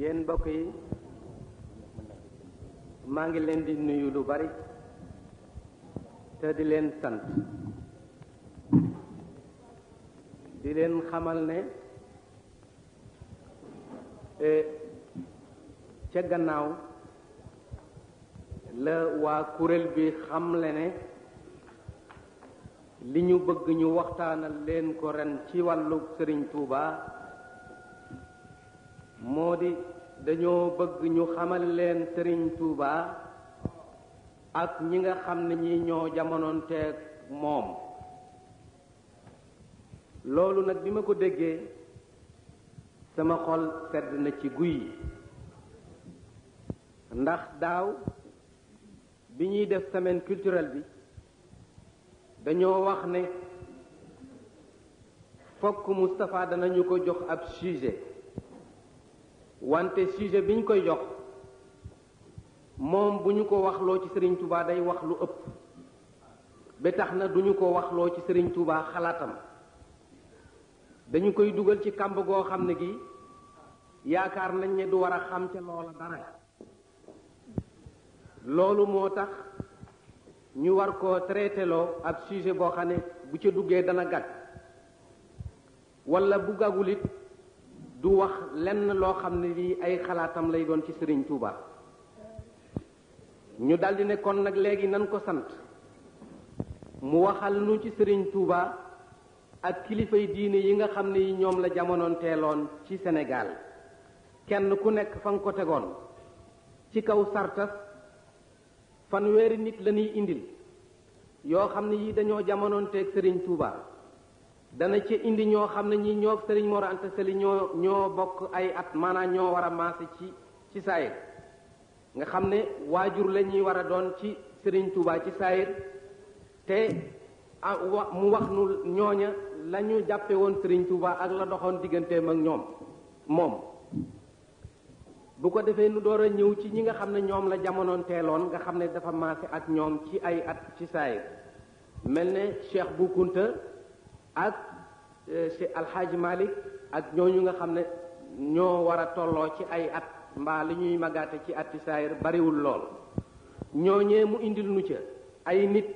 yéen mbokk yi maa ngi leen di nuyu lu bari te di leen sant di leen xamal ne e, ca gannaaw la waa kuréel bi xamle ne li ñu bëgg ñu waxtaanal leen ko ren ci wàllu Sëriñ Tuuba moo di dañoo bëgg ñu xamal leen Serigne Touba ak ñi nga xam ne ñi ñoo jamonoonteeg moom loolu nag bi ma ko déggee sama xol sedd na ci guy ndax daaw bi ñuy def semaine culturel bi dañoo wax ne fokk Moustapha danañu ko jox ab suise wante sujet bi ñu koy jox moom bu ñu ko waxloo ci Serigne Touba day wax lu ëpp ba tax na duñu ko waxloo ci Serigne Touba xalaatam dañu koy dugal ci kàmb goo xam ne gii yaakaar nañ ne du war a xam ca loola dara loolu moo tax ñu war ko traité loo ab sujet boo xam ne bu ca duggee dana gàtt wala bu it du wax lenn loo xam ne lii ay xalaatam lay doon ci sëriñ Touba ñu daldi nekkoon nag léegi nan ko sant mu waxal nu ci sëriñ Touba ak kilifay diine yi nga xam ne yi ñoom la jamonoon teeloon ci Sénégal kenn ku nekk fa nga ko tegoon ci kaw sartas fanweeri nit la ñuy indil yoo xam ne yi dañoo jamonoon sëriñ Serigne dana ci indi ñoo xam ne ñi ñoo sëriñ Mor Anta Sali ñoo bokk ay at maanaam ñoo war a maase ci ci saayir nga xam ne waajur la ñuy war a doon ci sëriñ Touba ci saayir te mu wax nu ñooña la jàppe woon sëriñ Touba ak la doxoon digganteem ak ñoom moom bu ko defee nu door a ñëw ci ñi nga xam ne ñoom la jamonoon teeloon nga xam ne dafa maase ak ñoom ci ay at ci saayir mel ne Cheikh bu Kounta ak eh, si Alxaaji Malik ak ñooñu nga xam ne ñoo war a tolloo ci ay at mbaa li ñuy magaate ci atti saayir bariwul lool ñoo ñooñee mu indil nu ca ay nit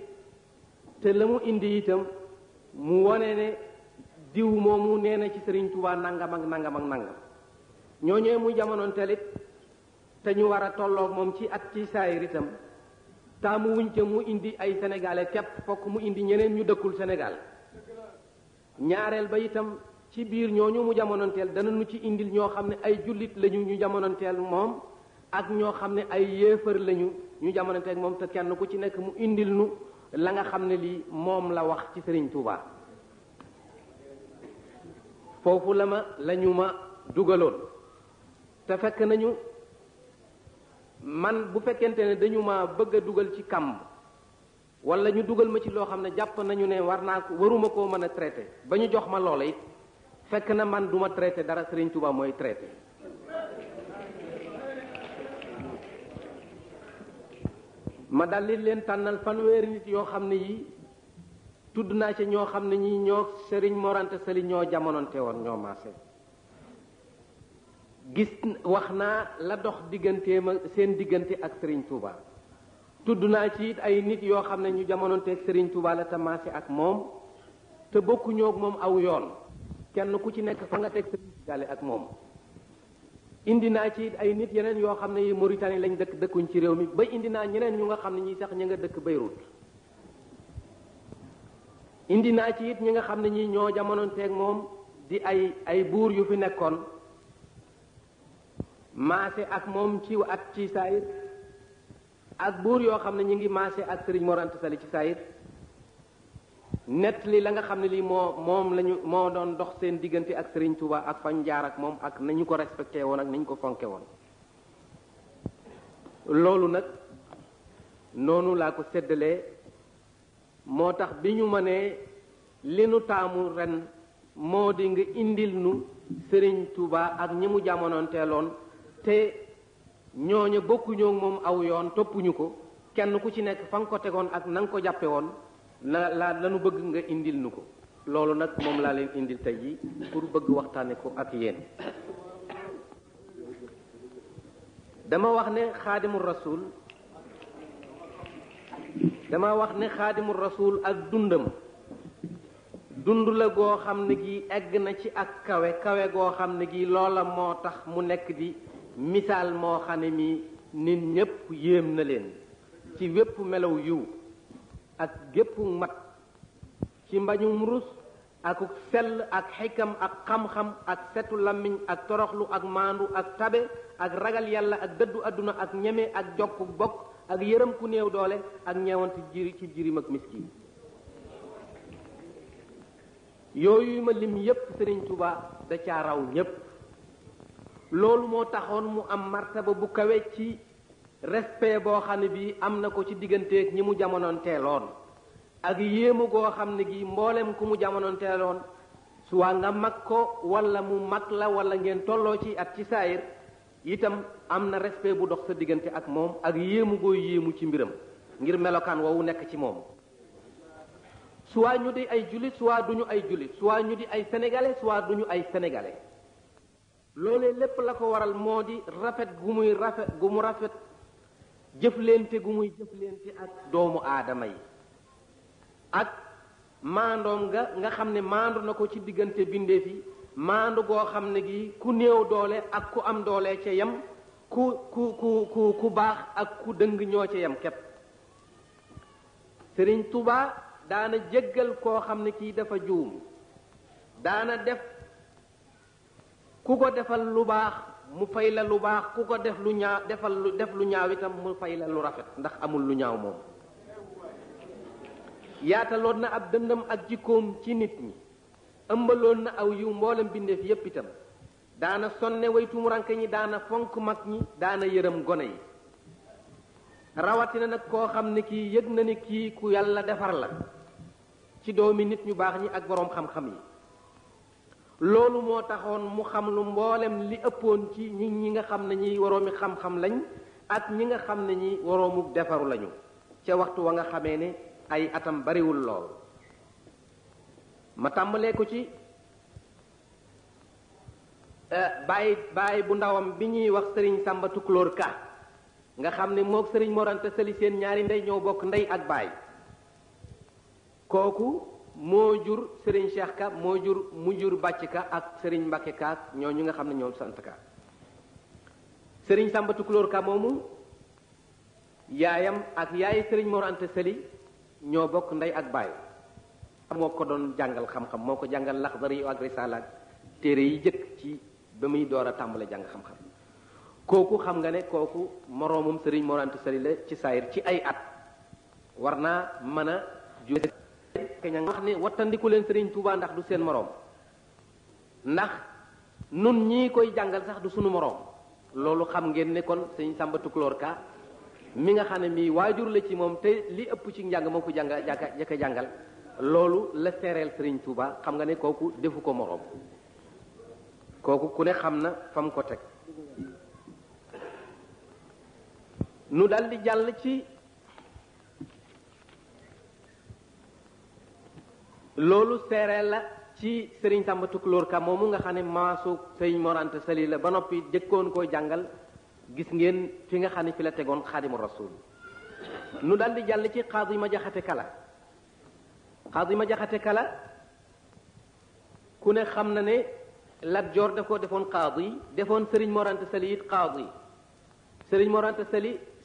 te la mu indi itam mu wone ne diw moomu nee na ci Sëriñ Tuubaa nangam ak nangam ak nangam ñooñee muy jamonoon telit te ñu war a tolloog moom ci at ci saayir itam taamu wuñ ca mu indi ay sénégalais képp fokk mu indi ñeneen ñu dëkkul Sénégal ñaareel ba itam ci biir ñooñu mu jamonoonteel dana nu ci indil ñoo xam ne ay jullit lañu ñu jamononteel moom ak ñoo xam ne ay yéefar lañu ñu jamonoonteel moom te kenn ku ci nekk mu indil nu la nga xam ne lii moom la wax ci Sëriñ Tuuba foofu la ma la ma dugaloon te fekk nañu man bu fekkente ne dañu ma bëgg a dugal ci kàmb wala ñu dugal ma ci loo xam ne jàpp nañu ne war naa ko waruma koo mën a traité ba ñu jox ma loola it fekk na man duma traité dara Serigne Touba mooy traité ma daldi leen tànnal fanweeri nit yoo xam ne yi tudd naa ci ñoo xam ne ñi ñoo Serigne Morante Sali ñoo jamononte woon ñoo maase gis wax naa la dox digganteem ma seen diggante ak Serigne Touba tudd naa ci it ay nit yoo xam ne ñu jamonoonteeg sëriñ Touba la tamaase ak moom te bokkuñoo ak moom aw yoon kenn ku ci nekk fa nga teg Serigne Jalle ak moom. indi naa ci it ay nit yeneen yoo xam ne yi Mauritanie lañ dëkk dëkkuñ ci réew mi ba indi naa ñeneen ñu nga xam ne ñi sax ña nga dëkk Beyrouth indi naa ci it ñi nga xam ne ñi ñoo jamonoonteeg moom di ay ay buur yu fi nekkoon maase ak moom ci ak ci saayir ak buur yoo xam ne ñu ngi maase ak sëriñ Mor Anta ci saayir nett li la nga xam ne lii moo moom lañu moo doon dox seen diggante ak sëriñ Touba ak fañ jaar ak moom ak nañu ko respecté woon ak nañu ko fonke woon loolu nag noonu laa ko séddalee moo tax bi ñu mënee li nu taamu ren moo di nga indil nu sëriñ Touba ak ñi mu jamonoonteeloon te ñooñu bokkuñoo moom aw yoon toppuñu ko kenn ku ci nekk fa nga ko tegoon ak na nga ko jàppe woon la la lanu bëgg nga indil nu ko loolu nag moom laa leen indil tey yi pour bëgg waxtaane ko ak yéen dama wax ne xaadimul rasul dama wax ne xaadimul rasuul ak dundam dund la goo xam ne gi egg na ci ak kawe kawe goo xam ne gi loola moo tax mu nekk di misaal moo xam ne mi nit ñépp yéem na leen ci wépp melow yiw ak gépp mat ci mbañum rus akuk sell ak xikam ak xam-xam ak setu làmmiñ ak toroxlu ak maandu ak tabe ak ragal yàlla ak dëddu àdduna ak ñeme ak jokk bokk ak yërëm ku néew doole ak ñeewante jiri ci jirim ak miskin yooyu ma lim yépp Sëriñ Tuubaa da ca raw ñépp loolu moo taxoon mu am martaba bu kawe ci respect boo xam ne bii am na ko ci digganteeg ñi mu jamononteeloon ak yéemu goo xam ne gi mboolem ku mu jamononteeloon suwaa nga mag ko walla mu mag la wala ngeen tolloo ci at ci saayir itam am na respect bu dox sa diggante ak moom ak yéemu gooy yéemu ci mbiram ngir melokaan woowu nekk ci moom suwaa ñu di ay jullit suwaa duñu ay jullit suwaa ñu di ay sénégalais suwaa duñu ay sénégalais loole lépp la ko waral moo di rafet gu muy rafet gu mu rafet jëflente gu muy jëflente ak doomu aadama yi ak maandoom ga nga xam ne maandu na ko ci diggante bindeef yi maandu goo xam ne gi ku néew doole ak ku am doole ca yam ku ku ku ku baax ak ku dëng ñoo ca yam képp sëriñ Tuubaa daana jëggal koo xam ne kii dafa juum daana def ku ko defal lu baax mu fay la lu baax ku ko def lu ñaaw defal lu def lu ñaaw itam mu fay la lu rafet ndax amul lu ñaaw moom yaataloon na ab dëndam ak jikkoom ci nit ñi ëmbaloon na aw yiw mboolem bindeef yépp itam daana sonne way tumuranke ñi daana fonk mag ñi daana yërëm gone yi rawatina nag koo xam ne kii yëg na ni kii ku yàlla defar la ci doomi nit ñu baax ñi ak boroom xam-xam yi loolu moo taxoon mu xam lu mboolem li ëppoon ci ñi ñi nga xam na ñi waroomi xam-xam lañ ak ñi nga xam ne ñi waroomu defaru lañu ca waxtu wa nga xamee ne ay atam bariwul lool ma tàmbalee ko ci eh, bàyyi bàyyi bu ndawam bi ñuy wax sëriñ Samba Tukulóor Ka nga xam ne moo sëriñ Mor Anta Sali seen ñaari ndey ñoo bokk ndey ak baay kooku moo jur sëriñ cheikh ka moo jur mu jur bàcc ka ak sëriñ mbàkke ka ak ñooñu nga xam ne ñoom sant ka sëriñ sàmba tukulóor ka moomu yaayam ak yaayi sëriñ mor ante sëli ñoo bokk ndey ak bàyyi moo ko doon jàngal xam-xam moo ko jàngal laxdari ak risalaak téere yi jëkk ci ba muy door a tàmbale jàng xam-xam kooku xam nga ne kooku moroomum sëriñ mor ante sëli la ci ci ay at war naa mën a keña wax ni wattandiku leen Serigne Touba ndax du seen moroom ndax nun ñi koy jàngal sax du sunu moroom loolu xam ngeen ne kon sëñ Samba Tukulóor ka mi nga xam ne mii waajur la ci moom te li ëpp ci njàng moo ko jàng jàkka jàngal loolu la seereel Serigne Touba xam nga ne kooku defu ko moroom kooku ku ne xam na fam ko teg nu daldi jàll ci loolu seere la ci sëriñ Sàmba Tukulóor Ka moomu nga xam ne maasu sëriñ Mor Anta Sali la ba noppi jëkkoon koy jàngal gis ngeen fi nga xam ne fi la tegoon xaadimu rasul nu daal di jàll ci xaadu yi ma jaxate kala xaadu yi ma jaxate kala ku ne xam na ne Lat Joor da koo defoon xaadu yi defoon sëriñ Mor Anta Sali it xaadu yi sëriñ Mor Anta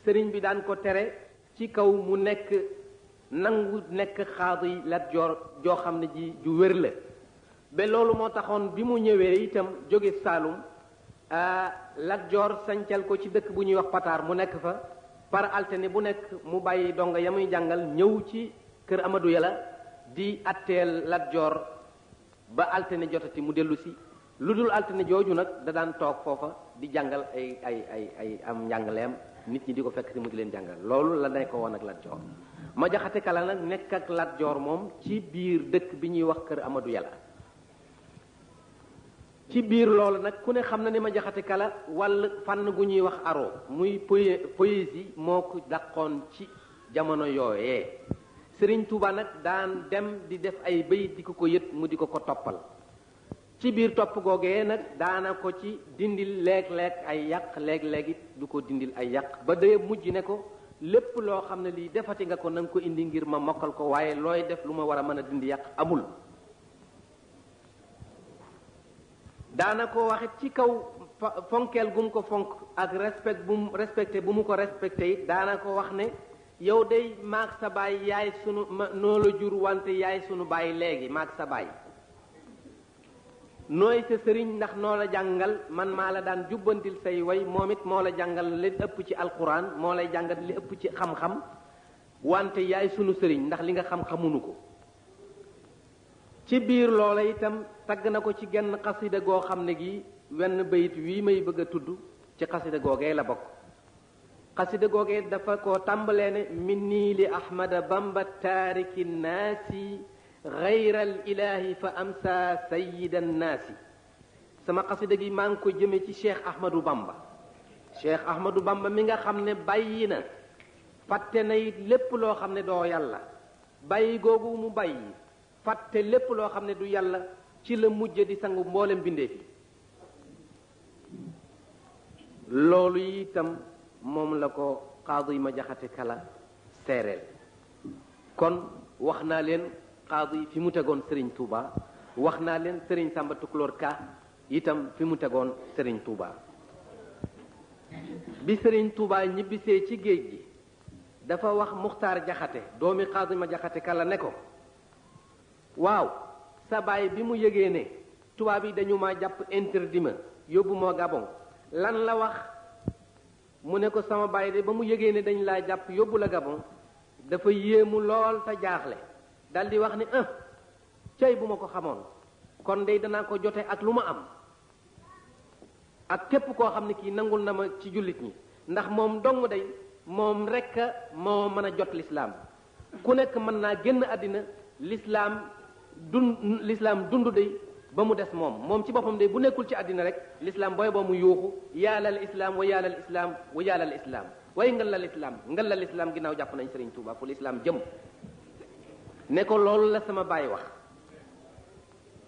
sëriñ bi daan ko tere ci kaw mu nekk nangu nekk xaadi Lat Joor joo xam ne ji ju wér la ba loolu moo taxoon bi mu ñëwee itam jóge Saalum Lat Joor ko ci dëkk bu ñuy wax Pataar mu nekk fa par altene bu nekk mu bàyyi donga yamuy jàngal ñëw ci kër amadu Yàlla di atteel Lat Joor ba altine jotati mu dellu si lu dul altine jooju nag da daan toog foofa di jàngal ay ay ay ay am njàngaleem nit ñi di ko fekk si mu di leen jàngal loolu la woon ak Lat Joor ma jaxate kala nag nekk ak Lat moom ci biir dëkk bi ñuy wax kër amadu Yàlla ci biir loolu nag ku ne xam na ne ma jaxate kala wàll fànn gu ñuy wax aro muy poésie moo ko dàqoon ci jamono yooyee Sëriñ Tuuba nag daan dem di def ay bay di ko ko yët mu di ko ko toppal ci biir topp googee nag daana ko ci dindil léeg-léeg ay yàq leeg léeg it du ko dindil ay yàq ba dee mujj ne ko lépp loo xam ne lii defati nga ko na ko indi ngir ma mokkal ko waaye looy def lu ma war a mën a dindi yàq amul daana ko waxit ci kaw fonkeel gum ko fonk ak respect bu mu respecté bu mu ko respecte it daana ko wax ne yow de maag sa baay yaay sunu ma noo la jur wante yaay sunu baay léegi maag sa baay nooy sa sëriñ ndax noo la jàngal man maa la daan jubbantil say way moom it moo la jàngal li ëpp ci alquran moo lay jàngat li ëpp ci xam-xam wante yaay sunu sëriñ ndax li nga xam xamunu ko ci biir loola itam tagg na ko ci genn xasida goo xam ne gi wenn bayit wi may bëgg a tudd ci xasida googee la bokk xasida googee dafa ko tàmbalee ne min nii bamba taariki naasi xayra al ilahi fa amsa sayida annaasi sama xasida gi maa ngi ko jëme ci cheikh ahmadou bamba cheikh ahmadou bamba mi nga xam ne bàyyi na fàtte na it lépp loo xam ne doo yàlla bàyyi googu mu bàyyi fàtte lépp loo xam ne du yàlla ci la mujj di sangu mboolem bindee fi loolu itam moom la ko xaadu yi ma jaxate kala seereel kon wax naa leen yi fi mu tegoon Serigne Touba wax naa leen Serigne Samba Tukulóor Ka itam fi mu tegoon Serigne Touba. bi Serigne Touba ñibbisee ci géej gi dafa wax Muxtaar Jaxate doomi xaadi ma Jaxate kala ne ko waaw sa baay bi mu yëgee ne tubaab yi dañu ma jàpp interdit ma yóbbu ma Gabon lan la wax mu ne ko sama baay de ba mu yëgee ne dañ laa jàpp yóbbu la Gabon dafa yéemu lool sa jaaxle dal di wax ne ah cey bu ma ko xamoon kon day danaa ko jote ak lu ma am ak képp koo xam ne kii nangul na ma ci jullit ñi ndax moom dong day moom rek moo mën a jot lislaam ku nekk mën naa génn àddina lislaam dund lislaam dund day ba mu des moom moom ci boppam day bu nekkul ci àddina rek lislaam booy ba mu yuuxu yaalal islaam wa yaalal islaam wa yaalal islaam way ngal la islaam ngal la islaam ginnaaw jàpp nañ Sëriñ Tuuba fu lislaam jëm ne ko loolu la sama baay wax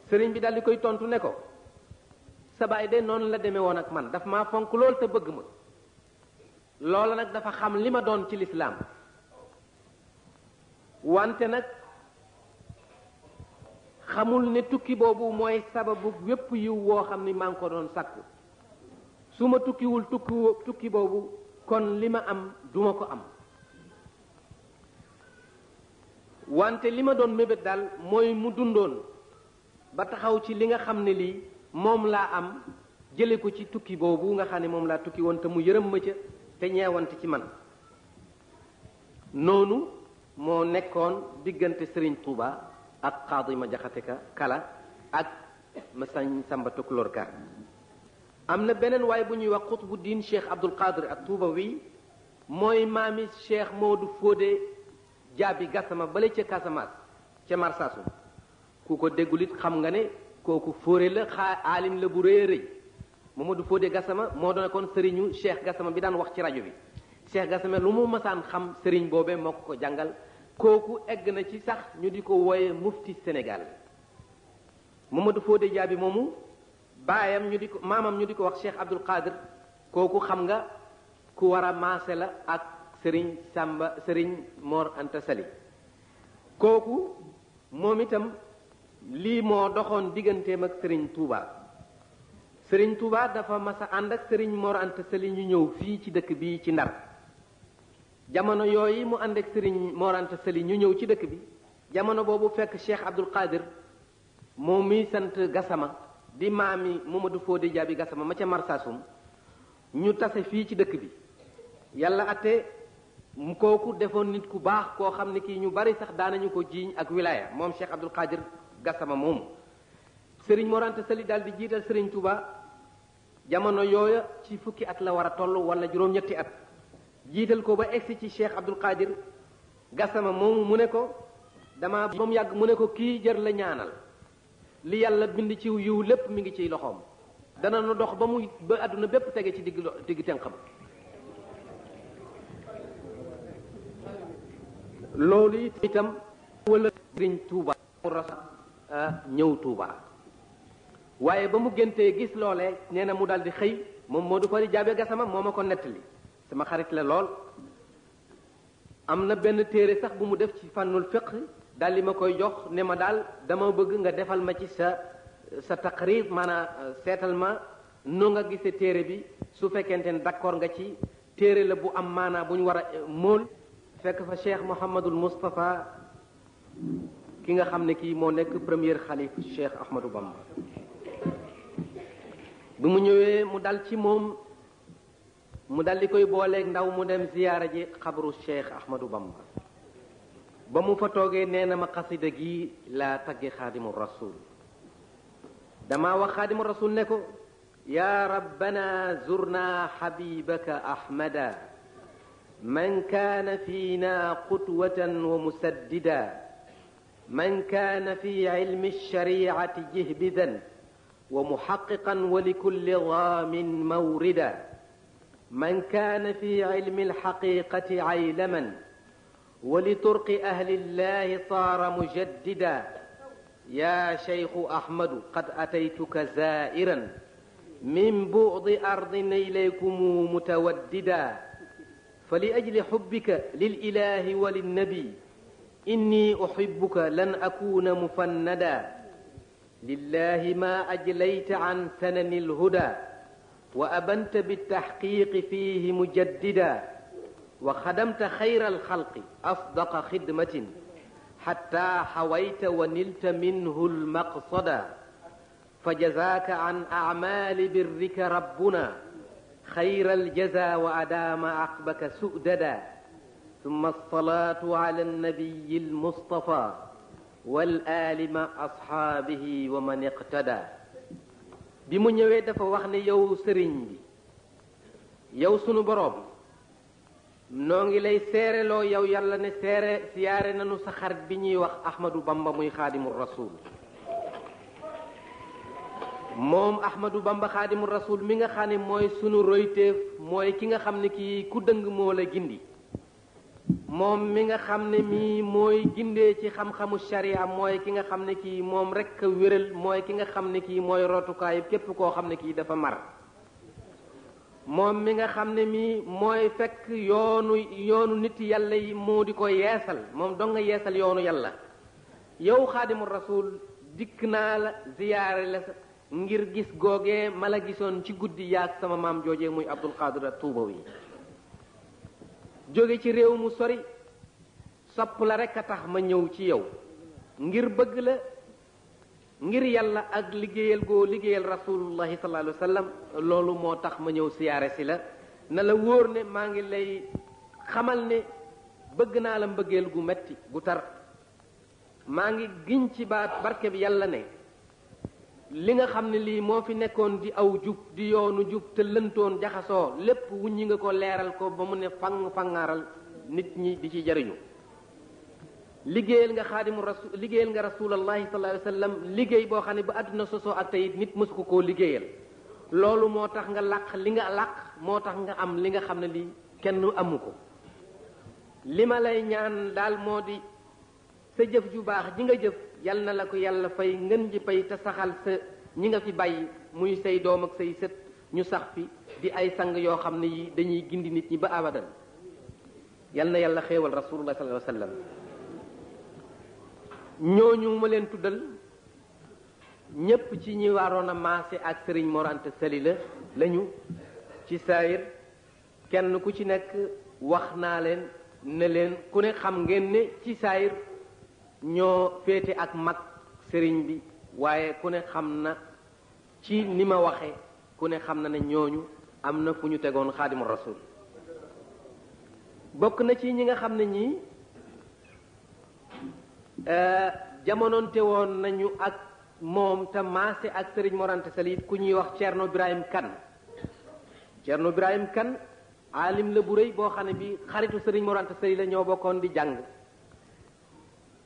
sëriñ bi daal koy tontu ne ko sa baay de noonu la demee woon ak man dafa ma fonk lool sa bëgg ma loola nag dafa xam li ma doon ci lislaam wante nag xamul ne tukki boobu mooy sababu wépp yiw woo xam ni maa ngi ko doon sakku su ma tukkiwul tukki tukki boobu kon li ma am duma ko am wante li ma doon mébét daal mooy mu dundoon ba taxaw ci li nga xam ne lii moom laa am jële ko ci tukki boobu nga xam ne moom laa tukki woon te mu yërëm ma ca te ñeewante ci man noonu moo nekkoon diggante Sëriñ Tuuba ak ma Jaxate Ka Kala ak Masañ Samba Tukulóor Ka am na beneen waaye bu ñuy wax Xutbu Diin Cheikh Abdul Qadir ak Tuuba wi mooy maami Cheikh Moodu Fóode jaabi gasama bale ca Casamance ca Marsasum ku ko déggul it xam nga ne kooku fóore la xaa aalim la bu rëy a rëy Mamadou Fodé moo doon kon sëriñu Cheikh Gassama bi daan wax ci rajo bi Cheikh Gassama lu mu masaan xam sëriñ boobee moo ko ko jàngal kooku egg na ci sax ñu di ko wooye mufti Sénégal Mamadou Fodé Diaby moomu baayam ñu di ko maamam ñu di ko wax Cheikh Abdoul Qadir kooku xam nga ku war a maase la ak sëriñ sàmba sëriñ Mor Anta Sali kooku moom itam lii moo doxoon digganteem ak sëriñ Touba sëriñ Touba dafa masa ànd ak sëriñ Mor Anta Sali ñu ñëw fii ci dëkk bi ci Ndar jamono yooyu sëriñ Mor Anta ñu ñëw ci dëkk bi jamono boobu fekk Cheikh Abdul Qadir moom miy sant Gassama di maami Mamadou Fodé Diaby Gassama ma ca Marsassoum ñu tase fii ci dëkk bi yàlla atte kooku defoon nit ku baax koo xam ne kii ñu bari sax daanañu ko jiiñ ak wilaya moom Cheikh Abdul Qadir Gassama moomu Serigne Mor Anta Sali daal di jiital sëriñ Touba jamono yooya ci fukki at la war a toll wala juróom-ñetti at jiital ko ba egsi ci Cheikh Abdul Qadir Gassama moomu mu ne ko dama ba yàgg mu ne ko kii jër la ñaanal li yàlla bind ci yiw lépp mu ngi ciy loxoom dana nu dox ba muy ba àdduna bépp tege ci digg digg tenqam loolu itam wala sëriñ Tuuba mu ñëw Tuuba waaye ba mu géntee gis loole nee na mu daal di xëy moom moo du ko di jaabe gasama moo ma ko nettali sama xarit la lool am na benn téere sax bu mu def ci fànnul fiq daal di ma koy jox ne ma daal dama bëgg nga defal ma ci sa sa taqrir maanaam seetal ma noo nga gisee téere bi su fekkente ne d'accord nga ci téere la bu am maanaa bu ñu war a móol fekk fa cheikh mohamadul moustapha ki nga xam ne kii moo nekk premier xalif cheikh ahmadou bamba bi mu ñëwee mu dal ci moom mu dal di koy booleeg ndaw mu dem ziyaara ji xabru cheikh ahmadou bamba ba mu fa toogee nee na ma xasida gi laa tagge xaadimu rasul dama wax xaadimu rasul ne ko yaa rabbana zurna xabibaka ahmada من كان فينا قدوة ومسددا من كان في علم الشريعة جهبذا ومحققا ولكل ظام موردا من كان في علم الحقيقة عيلما ولطرق أهل الله صار مجددا يا شيخ أحمد قد أتيتك زائرا من بعض أرض إليكم متوددا فلأجل حبك للإله وللنبي إني أحبك لن أكون مفندا لله ما أجليت عن سنن الهدى وأبنت بالتحقيق فيه مجددا وخدمت خير الخلق أصدق خدمة حتى حويت ونلت منه المقصدا فجزاك عن أعمال برك ربنا خير الجزاء وأدام عقبك سؤددا ثم الصلاة على النبي المصطفى والآل مع أصحابه ومن اقتدى بما نويت فوحن يو سرين يو سنو بروب نونغي لي سيرلو يو يالا ني سيري سياري نانو وخ احمد بامبا موي خادم الرسول moom Ahmadou Bamba xaadimu rasul mi nga xam ne mooy sunu royteef mooy ki nga xam ne kii ku dëng moo la gindi moom mi nga xam ne mii mooy gindee ci xam-xamu sharia mooy ki nga xam ne kii moom rek a wéral mooy ki nga xam ne kii mooy rotukaayu képp koo xam ne kii dafa mar moom mi nga xam ne mii mooy fekk yoonu yoonu nit yàlla yi moo di ko yeesal moom dong nga yeesal yoonu yàlla yow xaadimu rasul dikk naa la ziyaare la ngir gis googee mala gisoon ci guddi yaag sama maam jooje muy abdul qadir tuubawi jóge ci réew mu sori sopp la rek a tax ma ñëw ci yow ngir bëgg la ngir yàlla ak liggéeyal goo liggéeyal rasulullahi sallallahu alayhi wa sallam loolu moo tax ma ñëw siyaare si la na la wóor ne maa ngi lay xamal ne bëgg naa la mbëggeel gu metti gu tar maa ngi giñ ci baat barke yàlla ne li nga xam ne lii moo fi nekkoon di aw jub di yoonu jub te lëntoon jaxasoo lépp wuññi nga ko leeral ko ba mu ne fang fangaaral nit ñi di ci jariñu liggéeyal nga xaadimu rasul liggéeyal nga rasulallahi sallallahu alayhi wa sallam liggéey boo xam ne ba àdduna sosoo ak tey nit mësu ko koo liggéeyal loolu moo tax nga làq li nga làq moo tax nga am li nga xam ne lii kenn amu ko li ma lay ñaan daal moo di sa jëf ju baax ji nga jëf yal na la ko yàlla fay ngën ji pay te saxal sa ñi nga fi bàyyi muy sey doom ak say sët ñu sax fi di ay sang yoo xam ne yi dañuy gindi nit ñi ba abadan yal na yàlla xéewal rasulullah sallallahu alayhi wasallam ñooñu ma tuddal ñépp ci ñi waroon a maase ak sëriñ Mor Anta lañu ci saayir kenn ku ci nekk wax naa leen ne leen ku ne xam ngeen ne ci saayir ñoo féete ak mag sëriñ bi waaye ku ne xam na ci ni ma waxe ku ne xam na ne ñooñu am na fu ñu tegoon xaadimu rasul bokk na ci ñi nga xam ne ñii euh, jamononte woon nañu ak moom te maase ak sëriñ morante salit ku ñuy wax Cerno Birahim Kan Cerno Birahim Kan aalim la bu rëy boo xam ne bi xaritu sëriñ morante salit la ñoo bokkoon di jàng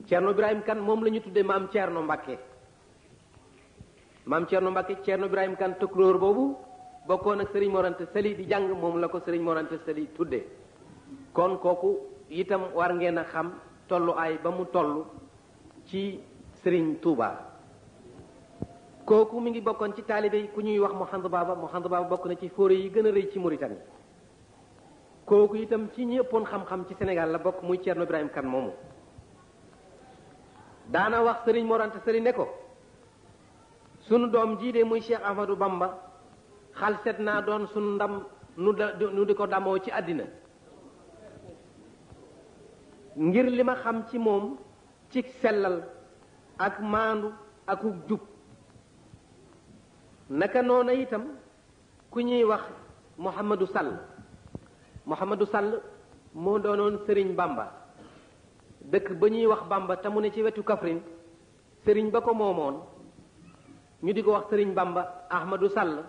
Thierno Ibrahim Kane moom la ñu tuddee maam Thierno Mbacke maam Thierno Mbacke Thierno Ibrahim Kane tukulóor boobu bokkoon ak Serigne Morante Sali di jàng moom la Serigne Morante Sali tuddee kon koku itam war ngeen a xam tollu ay ba mu toll ci Serigne Touba kooku mi ngi bokkoon ci taalibe yi ku ñuy wax Mohand Baba Mohand Baba bokk na ci fóore yi gën a ci Mauritanie kooku itam ci ñi ëppoon xam-xam ci Sénégal la bokk muy Thierno Ibrahim Kane moomu daana wax sëriñ Mor Anta Sali ne ko sunu doom jii de muy Cheikh Ahmadou Bamba xalset naa doon sunu ndam nu di ko damoo ci àddina ngir li ma xam ci moom ci sellal ak maandu ak jub naka noona itam ku ñuy wax Mouhamadou Sall Mouhamadou Sall moo doonoon sëriñ bàmba dëkk ba ñuy wax bàmba tamu ne ci wetu Kaffrine sëriñ ba ko moomoon ñu di ko wax sëriñ Bamba Ahmadou Sall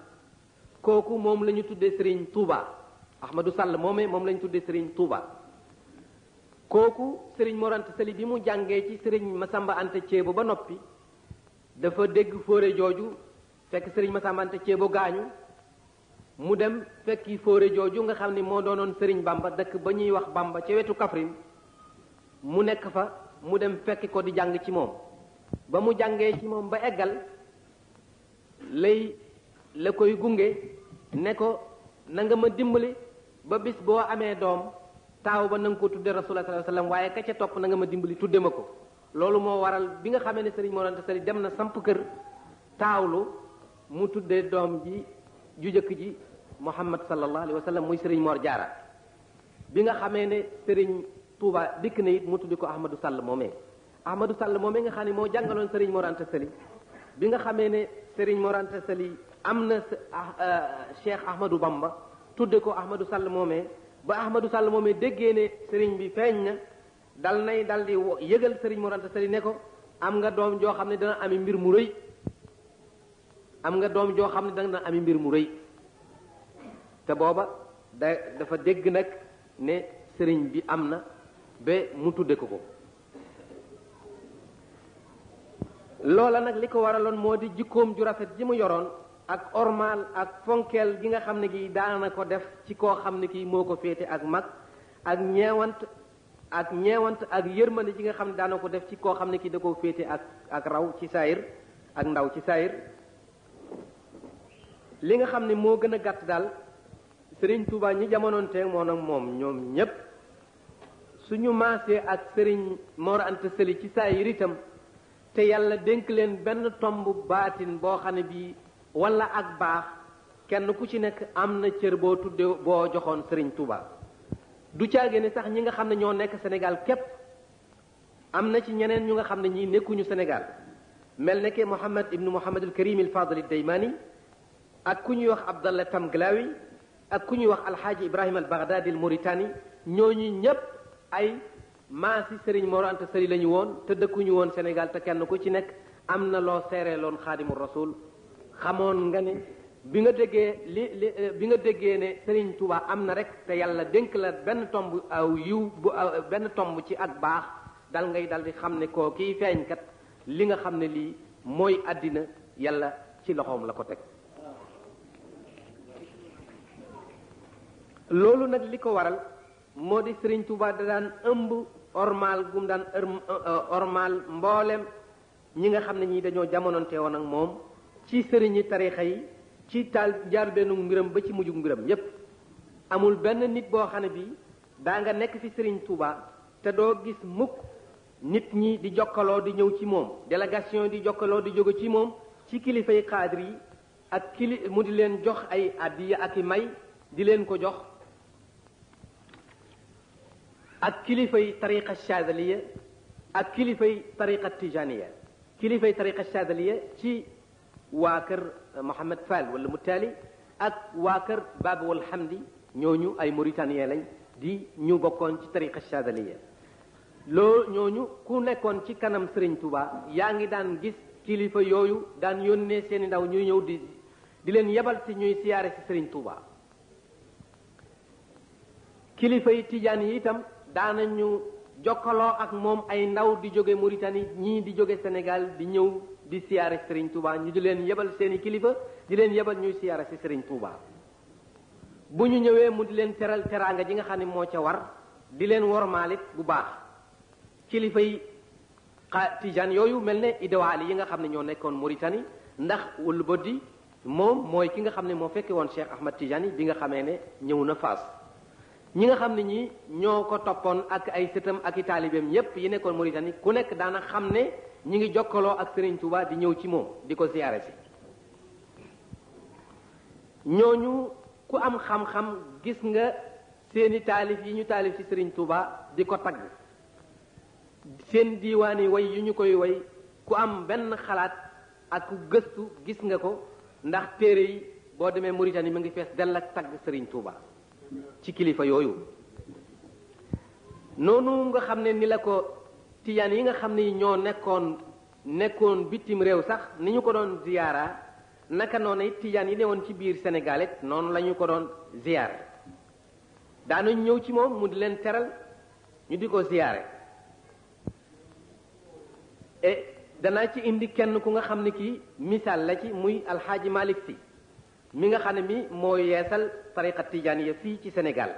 kooku moom la ñu tuddee sëriñ Touba Ahmadou Sall moomee moom la tuddee sëriñ Touba kooku sëriñ Morante Sali bi mu jàngee ci sëriñ Masamba Anta Ceebo ba noppi dafa dégg fóore jooju fekk sëriñ Masamba Anta gaañu mu dem fekki fóore jooju nga xam ne moo doonoon sëriñ Bamba dëkk ba ñuy wax Bamba ca wetu Kaffrine mu nekk fa mu dem fekki ko di jàng ci moom ba mu jàngee ci moom ba eggal lay la koy gunge ne ko nanga ma dimbali ba bis boo amee doom taaw ba na ko tudde rasulullah sallallahu alayhi wasallam waaye ka ca topp na nga ma dimbali tudde ma ko loolu moo waral bi nga xamee ne sëriñ Mor Anta Sali dem na samp kër taawlu mu tuddee doom ji ju jëkk ji Muhammad sallallahu alayhi wasallam muy sëriñ Mor Jaara bi nga xamee ne sëriñ Touba dikk na it mu tuddi ko Ahmadou Sall moomee Ahmadou Sall moomee nga xam ne moo jàngaloon Serigne Mor Anta Sali bi nga xamee ne Serigne Mor Anta am na ah, euh, Cheikh Ahmadou Bamba tudde ko Ahmadou Sall moomee ba Ahmadou Sall moomee déggee ne sëriñ bi feeñ na dal nay dal di yëgal Serigne Mor Anta ne ko am nga doom joo xam ne dana ami mbir mu rëy am nga doom joo xam ne danga dana ami mbir mu rëy te booba da dafa dégg nag ne sëriñ bi am na ba mu tudde ko ko loola nag li ko waraloon moo di jikkoom ju rafet ji mu yoroon ak ormal ak fonkeel gi nga xam ne gi daana ko def ci koo xam ne kii moo ko ak mag ak ñeewant ak ñeewant ak yërmande ji nga xam ne daana ko def ci koo xam ne kii da koo féete ak ak raw ci saayir ak ndaw ci saayir li nga xam ne moo gën a gàtt daal Sëriñ Tuubaa ñi jamonoon teeg moo moom ñoom ñépp suñu maasee ak sëriñ mor anta sëli ci saa yir itam te yàlla dénk leen benn tomb baatin boo xam ne bii wala ak baax kenn ku ci nekk am na cër boo tudde boo joxoon sëriñ tuba du caage ne sax ñi nga xam ne ñoo nekk sénégal képp am na ci ñeneen ñu nga xam ne ñii nekkuñu sénégal mel nekke mohamad ibnu mohamad al karim al fadil al daymani ak ku ñuy wax abdallah tam glawi ak ku ñuy wax alhaaji ibrahim al baghdadi al mauritani ñooñu ñëpp ay maasi Serigne Mor Anta Sali la woon te dëkkuñu woon Sénégal te kenn ku ci nekk am na loo seeree loon xaadimu rasul xamoon nga ne bi nga déggee li li eh, bi nga déggee ne sëriñ Touba am na rekk te yàlla dénk la benn tomb aw yiw bu benn tomb ci ak baax dal ngay dal di xam ne koo kii feeñkat li nga xam ne lii mooy àddina yàlla ci loxoom la ko teg loolu nag li ko waral moo di Serigne Touba da daan ëmb ormal gum daan ormal mboolem ñi nga xam ne ñi dañoo jamononte woon ak moom ci yi tarixa yi ci taal jaar benn mbiram ba ci mujjug mbiram yépp amul benn nit boo xam ne bi daa nga nekk ci Serigne Touba te doo gis mukk nit ñi di jokkaloo di ñëw ci moom délégation di jokkaloo di jóge ci moom ci kilifay xaadir yi ak kili mu di leen jox ay addiya ak i may di leen ko jox ak kilifay tariqa chadaliya ak kilifay tariqa tijaniya kilifay tariqa chadaliya ci waa kër eh, Mohamed Fall wala ak waa kër Babawal Hamdi ñooñu ay mauritanien lañ di ñu bokkoon ci tariqa chadaliya loo ñooñu ku nekkoon ci kanam Serigne Touba yaa ngi daan gis kilifa yooyu daan yonne seeni ndaw ñuy ñëw di di leen yebal si ñuy siyaare si Serigne kilifa yi tijaan itam daana ñu jokkaloo ak moom ay ndaw di jóge Mauritanie ñii di jóge Sénégal di ñëw di siyaare Serigne Touba ñu di leen yebal seeni kilifa di leen yebal ñuy siyaare si Serigne Touba bu ñu ñëwee mu di leen teral teraanga ji nga xam ne moo ca war di leen wormaalit bu baax kilifa yi tijaan yooyu mel ne idéal yi nga xam ne ñoo nekkoon Mauritanie ndax wulu bodi moom mooy ki nga xam ne moo fekke woon Cheikh Ahmad Tijani bi nga xamee ne ñëw na Faas ñi nga xam ne ñi ñoo ko toppoon ak ay sëtam ak i taalibeem yépp yi nekkoon Mauritanie ku nekk daana xam ne ñi ngi jokkaloo ak Serigne Touba di ñëw ci moom di ko ziyaara si ñooñu ku am xam gis nga seeni taalif yi ñu taalif ci Serigne Touba di ko tagg seen diiwaani way yu ñu koy woy ku am benn xalaat ak ku gëstu gis nga ko ndax téere yi boo demee Mauritanie mu ngi fees dell ak tagg Serigne Touba ci kilifa yooyu noonu nga xam ne ni la ko tiyaan yi nga xam ne ñoo nekkoon nekkoon bitim réew sax ni ñu ko doon ziyaara naka noonu it yi newoon ci biir Sénégal noonu lañu ko doon ziyaar daanañ ñëw ci moom mu di leen teral ñu di ko ziyaare e ci indi kenn ku nga xam ne kii misaal la ci muy alxaaji Malick si mi nga xam ne mi moo yeesal tariqa tijaaniya fii ci Sénégal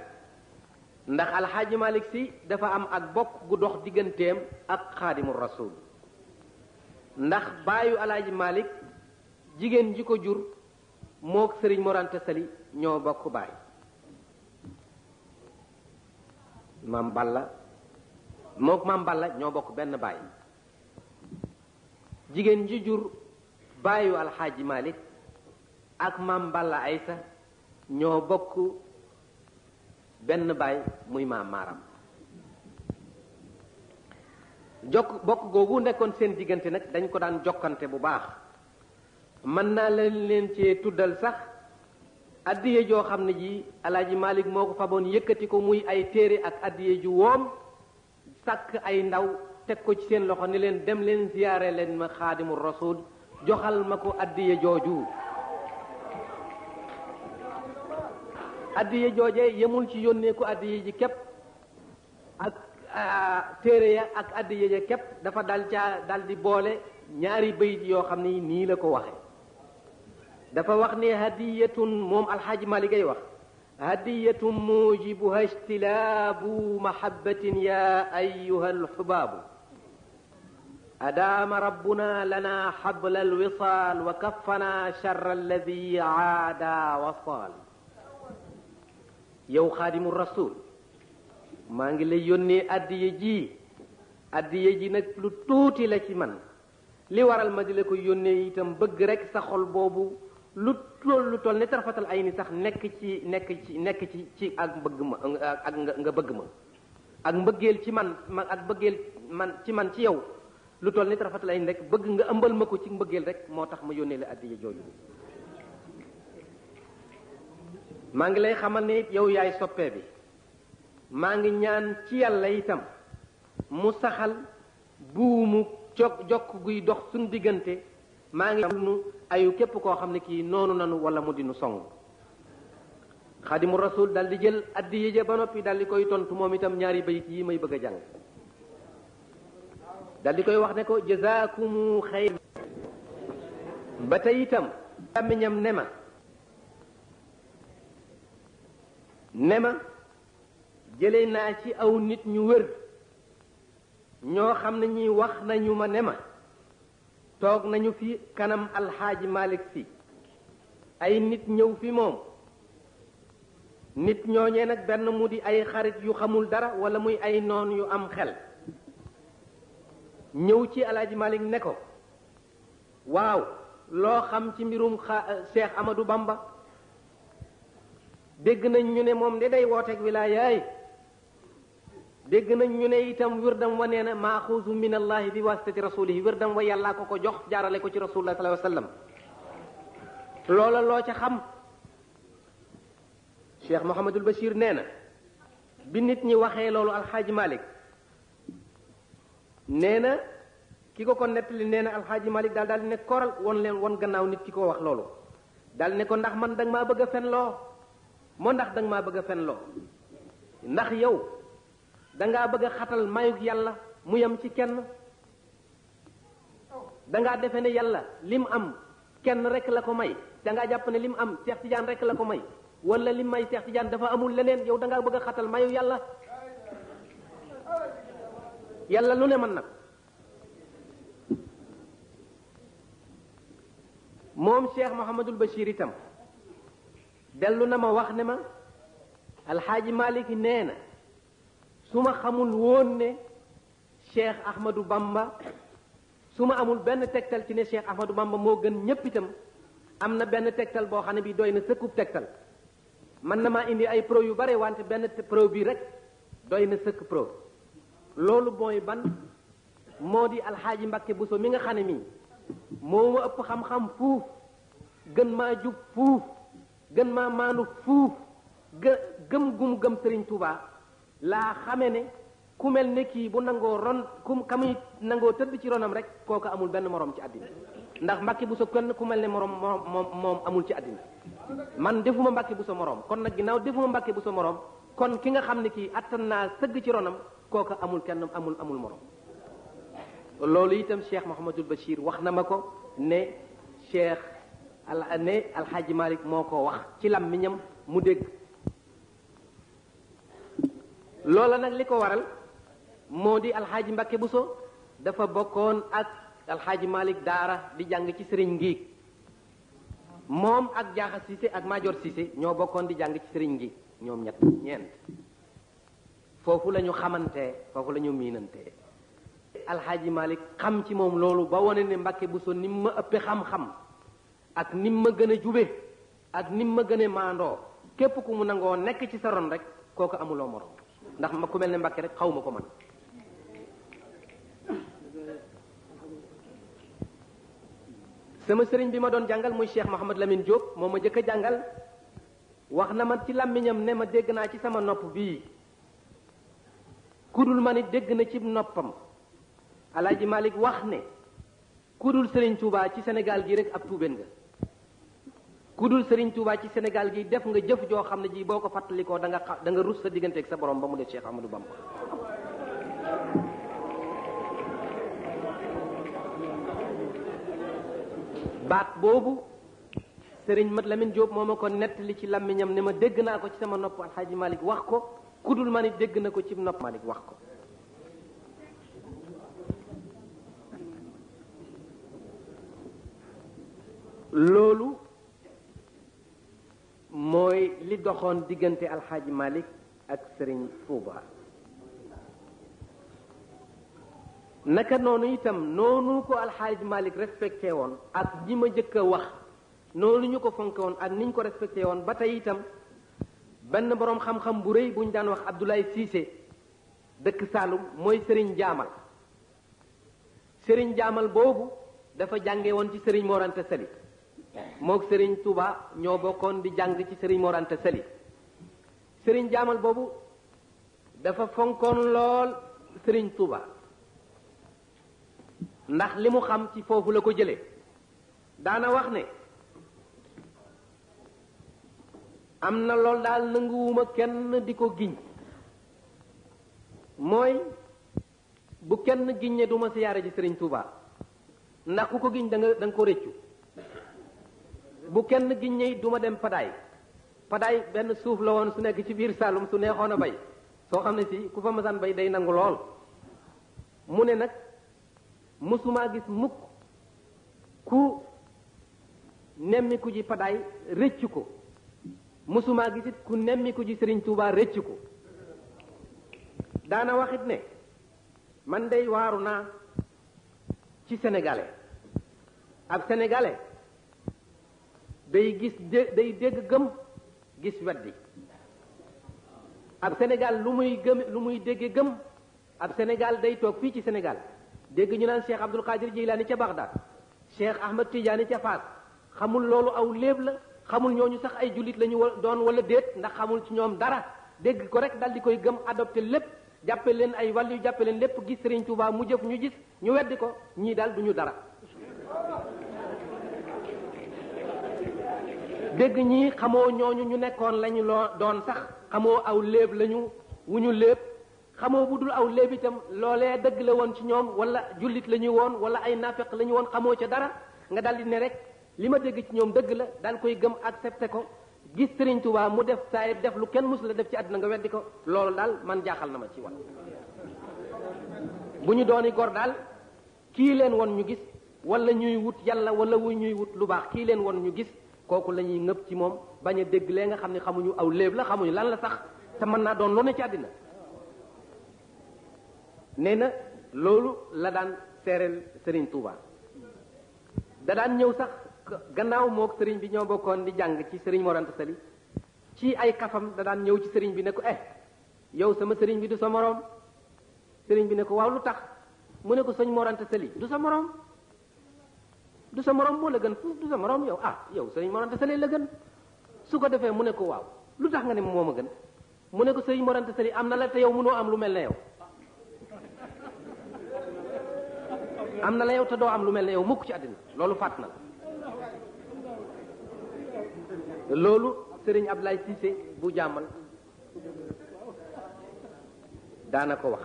ndax alxaaji Malick si dafa am ak bokk gu dox digganteem ak xaadimu rasul ndax baayu alxaaji Malick jigéen ji ko jur mook sëriñ Mor Anta Sali ñoo bokk baay maam Balla mook maam Balla ñoo bokk benn baay jigéen ji jur baayu alxaaji Malick ak maam Balla Aysa ñoo bokk benn baay muy maam Maaram jokk bokk googu nekkoon seen diggante nag dañ ko daan jokkante bu baax mën naa leen leen ci tuddal sax addiye joo xam ne ji alaaji Malik moo ko faboon yëkkati ko muy ay téere ak addiye ju woom sàkk ay ndaw teg ko ci seen loxo ni leen dem leen ziyaare leen ma xaadimul rasul joxal ma ko addiye jooju addiye jooje yemul ci yónneeku addiye ji képp ak téere ya ak addiye ja képp dafa dal caa dal di boole ñaari bayit yoo xam ni nii la ko waxe dafa wax ni hadiyatun moom alhaj maligay wax hadiyatun موجبها اجتلاب محبة ya أيها الحباب أدام ربنا لنا حبل الوصال وكفنا شر الذي عادى وصال yow xaadimu rasul maa ngi lay yónnee addiye ji addiye ji nag lu tuuti la ci man li waral ma di la ko yónnee itam bëgg rek sa xol boobu lu toll lu toll ne tarafatal ay ni sax nekk ci nekk ci nekk ci ci ak mbëgg ma ak nga bëgg ma ak mbëggeel ci man ma ak bëggeel man ci man ci yow lu toll ni tarafatal ay ni rek bëgg nga ëmbal ma ko ci mbëggeel rek moo tax ma yónnee la addiye jooju maa ngi lay xamal ne it yow yaay soppe bi maa ngi ñaan ci yàlla itam mu saxal buumu jokk jokk guy dox suñ diggante maa ngi nu ayu képp koo xam ne kii noonu nanu wala mu dinu song xadimu rasul dal di jël addi yéje ba noppi dal di koy tontu moom itam ñaari bayit yi may bëgg a jàng dal di koy wax ne ko jazaakumu xayr ba tey itam làmmiñam ne ma ne ma jële naa ci aw nit ñu wër ñoo xam ne ñi wax nañu ma ne ma toog nañu fi kanam alxaaji Malick si ay nit ñëw fi moom nit ñooñee nag benn mu di ay xarit yu xamul dara wala muy ay noon yu am xel ñëw ci alxaaji Malick ne ko waaw loo xam ci mbirum xa Cheikh Amadou Bamba dégg nañ ñu ne moom de day wooteeg wilaayaay dégg nañ ñu ne itam dam wa nee na maaxuusu min bi bi wasitati rasulihi wirdam wa yàllaa ko ko jox jaarale ko ci rasulullah sallallahu alayhi wasallam loola loo ca xam Cheikh Mouhamadul Bachir nee na bi nit ñi waxee loolu alxaaji Malick nee na ki ko ko nettali nee na alxaaji Malick daal daal ne koral won leen won gannaaw nit ki ko wax loolu daal ne ko ndax man danga maa bëgg a fenloo moo ndax danga maa bëgg a fenloo ndax yow dangaa bëgg xatal mayug yàlla mu yem ci kenn dangaa defe ne yàlla lim am kenn rek la ko may dangaa jàpp ne lim am Seex Tijaan rek la ko may wala lim may Seex Tijaan dafa amul leneen yow dangaa bëgg xatal mayu yàlla yàlla lu ne mën nag moom Cheikh Mouhamadul Bachir itam dellu na ma wax ne ma alxaaji Malick nee na su ma xamul woon ne Cheikh Ahmadou Bamba su ma amul benn tegtal ci ne Cheikh Ahmadou Bamba moo gën ñépp itam am na benn tegtal boo xam ne bi doy na sëkkub tegtal mën na maa indi ay pro yu bare wante benn pro bi rek doy na sëkk pro loolu mooy ban moo di alxaaji Mbakke so mi nga xam ne mii moo ma ëpp xam-xam fuuf gën maa jub fuuf gën maa maanu fuuf gëm gum gëm Serigne Touba laa xame ne ku mel ne kii bu nangoo ron ku ka muy nangoo tëdd ci ronam rek kooku amul benn moroom ci àddina ndax bu sa kenn ku mel ne morom moom moom amul ci àddina man defuma Mbàkke Buso morom kon nag ginnaaw defuma Mbàkke Buso morom kon ki nga xam ne kii attan naa sëgg ci ronam kooku amul kenn amul amul morom loolu itam Cheikh Mouhamadul Bachir wax na ma ko ne Cheikh ne alxaaji malik moo ko wax ci làmmiñam mu dégg loola nag li ko waral moo di alxaaji mbàkke buso dafa bokkoon ak alxaaji malik dara di jàng ci sëriñ ngiig moom ak jaaxa sise ak major sise ñoo bokkoon di jàng ci sëriñ ngiig ñoom ñett ñeent foofu la malik xam ci lolo loolu ba wone ne mbàkke buso ni ma xam-xam ak nim ma gën a jube ak nim ma gën a maandoo képp ku mu nangoo nekk ci sa ron rek kooku amuloo morom ndax ma ku mel ni Mbàkke rek xaw ma ko man sama sëriñ bi ma doon jàngal muy Cheikh Mouhamad Lamine Diop moo ma jëkk a jàngal wax na ma ci làmmiñam ne ma dégg naa ci sama nopp bii kudul ma ni dégg na ci noppam alaaj Malik wax ne kudul sëriñ Touba ci Sénégal gi rek ak tuubeen nga ku dul Serigne Touba ci senegal gi def nga jëf joo xam ne jii boo ko fàttalikoo danga nga xa da rus sa digganteeg sa borom ba mu des Cheikh Amadou Bamba. baat boobu sëriñ Mat Lamine Diop moo ma ko nettali ci làmmiñam ne ma dégg naa ko ci sama nopp Alxaaji Malick wax ko ku dul ma ni dégg na ko ci nopp Malick wax ko. loolu. mooy li doxoon diggante alxaaji malik ak sëriñ Touba naka noonu itam noonu ko alxaaji malik respecté woon ak ñi ma jëkk a wax noonu ñu ko fonke woon ak niñ ko respecté woon ba tey itam benn boroom xam-xam bu rëy bu ñu daan wax Abdoulaye Cissé dëkk Saalum mooy sëriñ jaamal sëriñ jaamal boobu dafa jàngee woon ci sëriñ Mor Anta Sali mook sëriñ tuuba ñoo bokkoon di jàng ci sëriñ Mor Anta Sali Serigne Jaamal boobu dafa fonkoon lool sëriñ Touba ndax li mu xam ci foofu la ko jëlee daana wax ne am na lool daal nanguwuma kenn di ko giñ mooy bu kenn giñ ne du ma siyaare ci Serigne Touba ndax ku ko giñ danga nga da nga ko rëccu bu kenn giñ ñëy du ma dem padaay padaay benn suuf la woon su nekk ci biir Saalum su neexoon a bay soo xam ne si ku fa masaan bay day nangu lool mu ne nag mësumaa gis mukk ku nemmiku ji padaay rëcc ko mësumaa gisit ku nemmiku ji Sëriñ Tuubaa rëcc ko daana waxit ne man dey waaru naa ci sénégalais ab sénégalais day gis day dégg gëm gis weddi ab Sénégal lu muy gëm lu muy dégge gëm ab Sénégal day toog fii ci Sénégal dégg ñu naan Cheikh Abdul Qadir Jilani ca Baghdad Cheikh Ahmad Tidiane ca Faas xamul loolu aw léeb la xamul ñoo ñu sax ay jullit lañu ñu doon wala déet ndax xamul ci ñoom dara dégg ko rek dal di koy gëm adopté lépp jàppe leen ay wàllu yu jàppe leen lépp gis Serigne Touba mu jëf ñu gis ñu weddi ko ñii daal duñu dara dégg ñii xamoo ñooñu ñu nekkoon lañu loo doon sax xamoo aw léeb lañu wu ñu léeb xamoo bu dul aw léeb itam loolee dëgg la woon ci ñoom wala jullit la ñuy woon wala ay naafeq la ñu woon xamoo ca dara nga daldi ne rek li ma dégg ci ñoom dëgg la daal koy gëm accepté ko gis Sëriñ Tuubaa mu def saayib def lu kenn mësu la def ci àdduna nga weddi ko loolu daal man jaaxal na ma ci wax bu ñu dooni gor daal kii leen woon ñu gis wala ñuy wut yàlla wala wu ñuy wut lu baax kii leen woon ñu gis kooku la ñuy ngëp ci moom bañ a dégg lee nga xam ne xamuñu aw léeb la xamuñu lan la sax te mën naa doon lu ne ci àddina nee na loolu la daan seereel sëriñ tuubaa da daan ñëw sax gannaaw mook sëriñ bi ñoo bokkoon di jàng ci Serigne Mor Anta ci ay kafam da daan ñëw ci Serigne bi ne ko eh yow sama sëriñ bi du sa moroom Serigne bi ne ko waaw lu tax mu ne ko sëñ Mor Anta Sali du sa moroom du sa morom moo la gën fuuf du sa morom yow ah yow sëriñ morante sali la gën su ko defee mu ne ko waaw lu tax nga ne moom a gën mu ne ko sëriñ morante sali am na la te yow mënoo am lu mel ne yow am na la yow te doo am lu mel ne yow mukk ci àddina loolu fàtt na la loolu sëriñ ab Abdoulaye Cissé bu jàmmal daana ko wax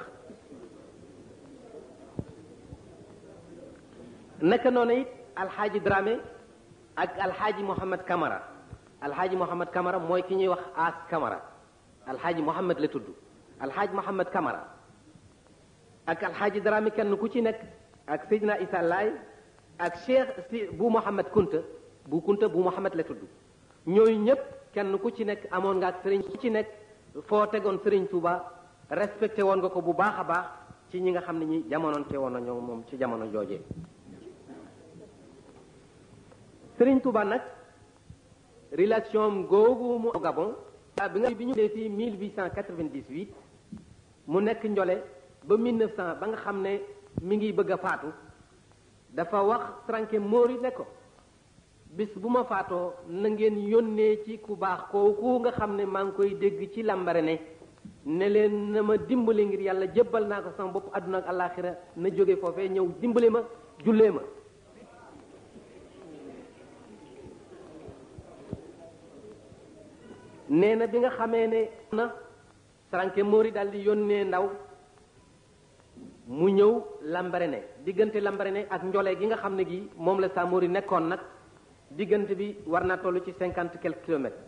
naka noonu it alxaaji Dramé ak alxaaji Mouhamed Camara alxaaji Mouhamed Camara mooy ki ñuy wax As Camara alxaaji Mouhamed la tudd alxaaji Mouhamed Camara ak alxaaji Dramé kenn ku ci nekk ak Seydina Issa Laay ak Cheikh si bu Mouhamed Kunta bu Kunta bu Mouhamed la tudd ñooñu ñëpp kenn ku ci nekk amoon nga ak sëriñ ku ci nekk foo tegoon sëriñ Touba respecté woon nga ko bu baax a baax ci ñi nga xam ne ñi jamonoonte woon na ñoom moom ci jamono joojee Sëriñ Touba nag relation am googu mu Gabon ah, bi nga bi ñu dee fii 1898 mu nekk njole ba 1900 ba nga xam ne mi ngi bëgg a faatu dafa wax Tranché Mori ne ko bis bu ma faatoo na ngeen yónnee ci ku baax kooku nga xam ne maa ngi koy dégg ci làmbare ne ne leen na ma dimbali ngir yàlla jébbal naa ko sama bopp àdduna ak àllaaxira na jóge foofee ñëw dimbali ma jullee ma nee na bi nga xamee ne na Saranke Mori daal di yónnee ndaw mu ñëw Lambaréné diggante Lambaréné ak Njole gi nga xam ne gi moom la Samori nekkoon nag diggante bi war naa toll ci cinquante quelques kilomètres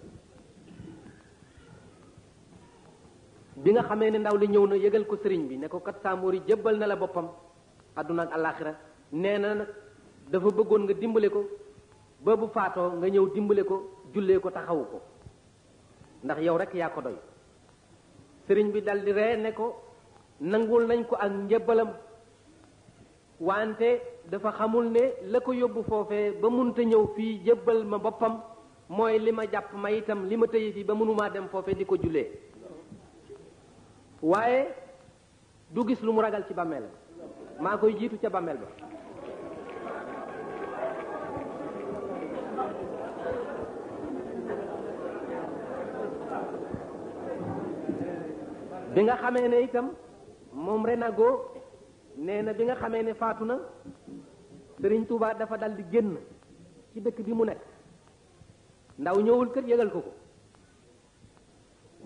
bi nga xamee ne ndaw li ñëw na yëgal ko sëriñ bi ne ko kat Samori jëbbal na la boppam àdduna ak àllaaxira nee na nag dafa bëggoon nga dimbale ko ba bu faatoo nga ñëw dimbale ko jullee ko taxawu ko ndax yow rek yaa ko doy sëriñ bi dal di ree ne ko nangul nañ ko ak njëbbalam wante dafa xamul ne la ko yóbbu foofee ba munta ñëw fii jëbbal ma boppam mooy li ma jàpp ma itam li ma tëye fii ba mënumaa dem foofee di ko jullee waaye du gis lu mu ragal ci bàmmeelam maa koy jiitu ca bàmmeel ba bi nga xamee ne itam moom Renago nee na bi nga xamee ne faatu na Serigne Touba dafa dal di génn ci dëkk bi mu nekk ndaw ñëwul kër yëgal ko ko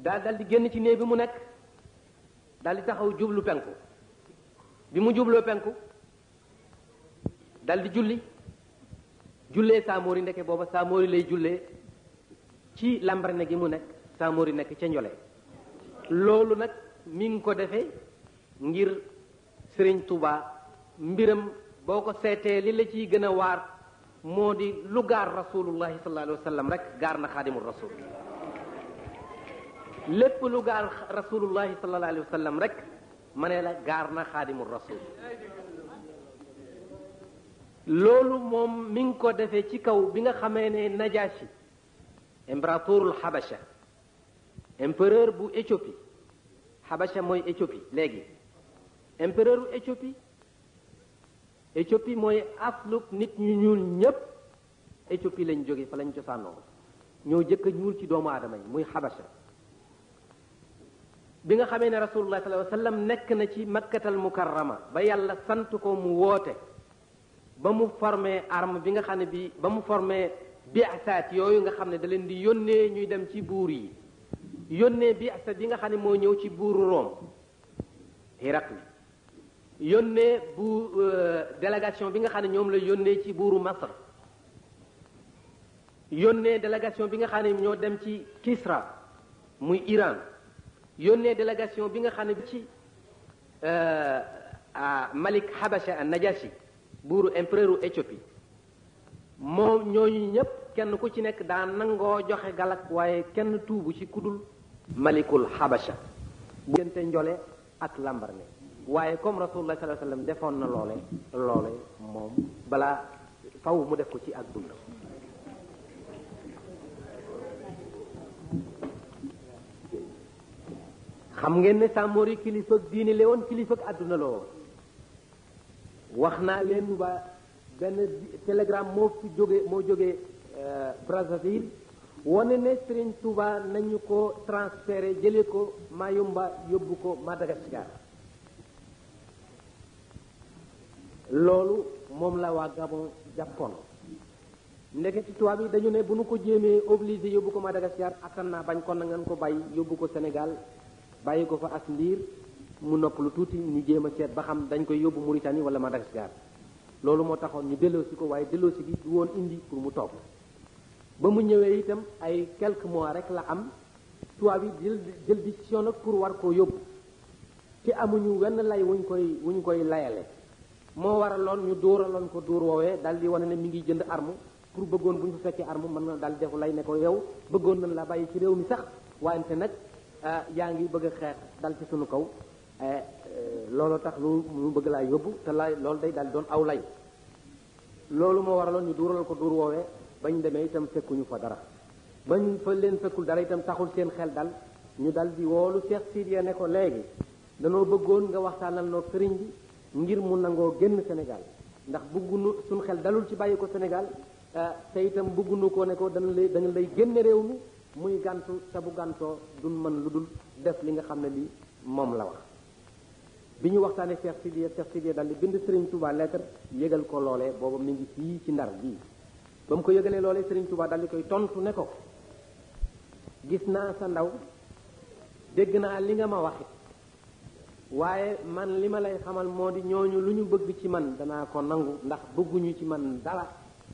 daal dal di génn ci néeg bi mu nekk dal di taxaw jublu penku bi mu jubloo penku dal di julli jullee Samori ndeke booba Samori lay jullee ci lambarne gi mu nekk Samori nekk ca Njole. loolu nag mi ngi ko defee ngir sëriñ tubaa mbiram boo ko seetee li la ciy gën a waar moo di lu gaar rasulullahi sallallahu alayhi wa sallam rek gaar na xaadimul rasul lépp lu gaar rasulullahi sallallahu alayhi rek ma ne la gaar na loolu moom mi ngi ko defee ci kaw bi nga xamee ne najashi imbratorul habasha empereur bu Éthiopie Habasha mooy Éthiopie léegi empereur bu Éthiopie Éthiopie mooy asluk nit ñu ñuul ñépp Éthiopie lañ jóge fa lañ cosaanoo ñoo jëkk a ñuul ci doomu aadama yi muy Habasha bi nga xamee ne rasulullah sallallahu alayhi wa nekk na ci makkatal mukarrama ba yàlla sant ko mu woote ba mu formé arme bi nga xam ne bi ba mu formé biasaat yooyu nga xam ne da leen di yónnee ñuy dem ci buur yi yónnee bi sa bi nga xam ne moo ñëw ci buuru Rome Héraclius yónnee bu euh, délégation bi nga xam ne ñoom la yónnee ci buuru Masar yónnee délégation bi nga xam ne ñoo dem ci Kisra muy Iran yónnee délégation bi nga xam ne ci euh, Malik Habasha an Najashi buuru empereur Éthiopie moom ñooñu ñëpp kenn ku ci nekk daan nangoo joxe galak waaye kenn tuubu ci kudul malikul xabasa bu gënte njole ak lambarne waaye comme rasulullah sallallahu alayhi wasallam defoon na loole loole moom balaa faw mu def ko ci ak dund xam ngeen ne sàmmoori kilifa diini la woon kilifa àdduna la woon wax naa leen ba benn télégramme moo fi jóge moo jóge euh, Brazzaville wane ne Serigne Touba nañu ko transféré jële ko Mayumba yóbbu ko Madagascar loolu moom la waa Gabon jàppoon ci tubaab yi dañu ne bu nu ko jéemee obligé yóbbu ko Madagascar attan naa bañ kon na ngeen ko bàyyi yóbbu ko Sénégal bàyyi ko fa as ndiir mu nopp lu tuuti ni jéem a seet ba xam dañ koy yóbbu Mauritanie wala Madagascar loolu moo taxoon ñu delloosi ko waaye delloosi bi du woon indi pour mu toog ba mu ñëwee itam ay quelques mois rek la am tubaab bi jël jël yoon nag pour war koo yóbbu ci amuñu wenn lay wuñ koy wuñ koy layale moo waraloon ñu dóoraloon ko dóor woowee dal di wane ne mi ngi jënd arme pour bëggoon bu ñu fa fekkee arme mën na daal defu lay ne ko yow bëggoon nañ laa bàyyi ci réew mi sax wante nag ah, yaa ngi bëgg a xeex dal ci suñu kaw eh, eh, loolu tax lu mu bëgg laa yóbbu te lay loolu day dal doon aw lay loolu moo waraloon ñu dóoral ko dóor woowee bañ demee itam fekkuñu fa dara bañ fa leen fekkul dara itam taxul seen xel dal ñu dal di woolu Cheikh Sidiya ne ko léegi danoo bëggoon nga waxtaanal noo sëriñ bi ngir mu nangoo génn Sénégal ndax bëggunu suñ xel dalul ci bàyyi ko senegal ah, te itam bëggunu ko ne ko dana lay dana lay génne réew mi muy gàntu te bu gàntoo duñ mën lu dul def li nga xam ne lii moom la wax bi ñu waxtaanee Cheikh Sidiya Cheikh Sidiya dal di bind Sëriñ Touba lettre yëgal ko loolee booba mi ci ndar gii ba mu ko yëgalee loolee Serigne Touba dal di koy tontu ne ko gis naa sa ndaw dégg naa li nga ma waxi waaye man li ma lay xamal moo di ñooñu lu ñu bëgg ci man danaa ko nangu ndax bëgguñu ci man dara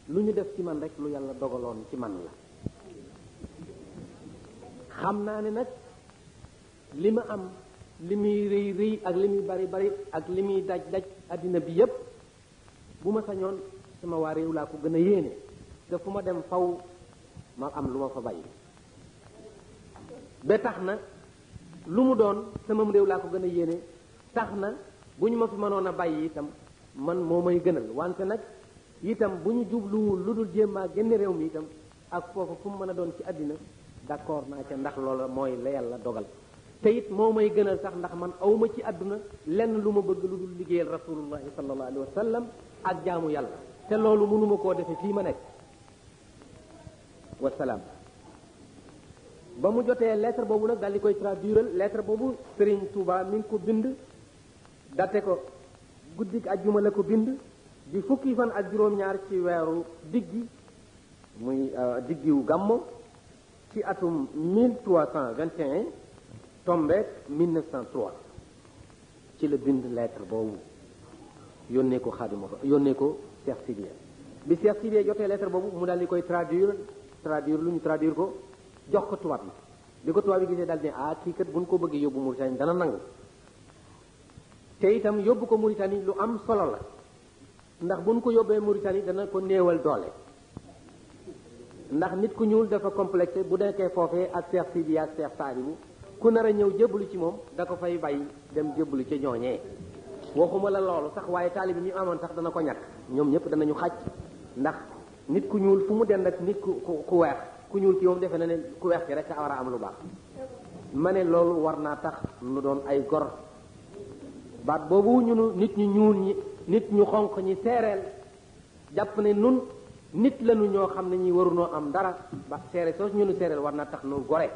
lu ñu def ci man rek lu yàlla dogaloon ci man la xam naa ne nag li ma am li muy rëy rëy ak li muy bari bari ak li muy daj daj àddina bi yépp bu ma sañoon sama waa réew laa ko gën a yéene te fu ma dem faw ma am lu ma fa bàyyi ba tax na lu mu doon sama réew laa ko gën a yéene tax na bu ñu ma fi mënoon a bàyyi itam man moo may gënal wante nag itam bu ñu jubluwul lu dul jéem a génne réew mi itam ak foofu fu mu mën a doon ci àddina d'accord naa ca ndax loola mooy la yàlla dogal te it moo may gënal sax ndax man awma ci àdduna lenn lu ma bëgg lu dul liggéeyal rasulullahi sallallahu alayhi wa sallam ak jaamu yàlla te loolu mënuma koo defee fii ma nekk wasalaam ba mu jotee lettre boobu nag daal di koy traduire lettre boobu Serigne Touba mi ngi ko bind date ko guddik ajjuma la ko bind di fukki fan ak juróom-ñaar ci weeru diggi muy euh, diggiwu gàmmo ci atum 1321 tombeek 1903 ci la bind lettre boobu yónnee ko xaadima yónnee ko Cheikh Sidiya bi Cheikh Sidiya jotee lettre boobu mu dal di koy traduire traduire luñ traduire ko jox ko tubaab yi bi ko tubaab yi gisee daal ne ah kii kat buñ ko bëggee yóbbu Mauritanie dana nangu te itam yóbbu ko Mauritanie lu am solo la ndax buñ ko yóbbee Mauritanie dana ko néewal doole ndax nit ku ñuul dafa complexé bu nekkee foofee ak Cheikh Sidi ak Cheikh Salibu ku nar a ñëw jébbalu ci moom da ko fay bàyyi dem jébbalu ca ñooñee waxuma la loolu sax waaye taalibi mi amoon sax dana ko ñàkk ñoom ñëpp danañu ndax nit ku ñuul fu mu dend ak nit ku ku weex ku ñuul ki moom defe na ne ku weex ki rek a war a am lu baax ma ne loolu war naa tax nu doon ay gor baat boobu ñunu nit ñu ñuul ñi nit ñu xonq ñi seereel jàpp ne nun nit lañu ñoo xam ne ñi warunoo am dara ba seere soo ñunu seereel war naa tax nu gore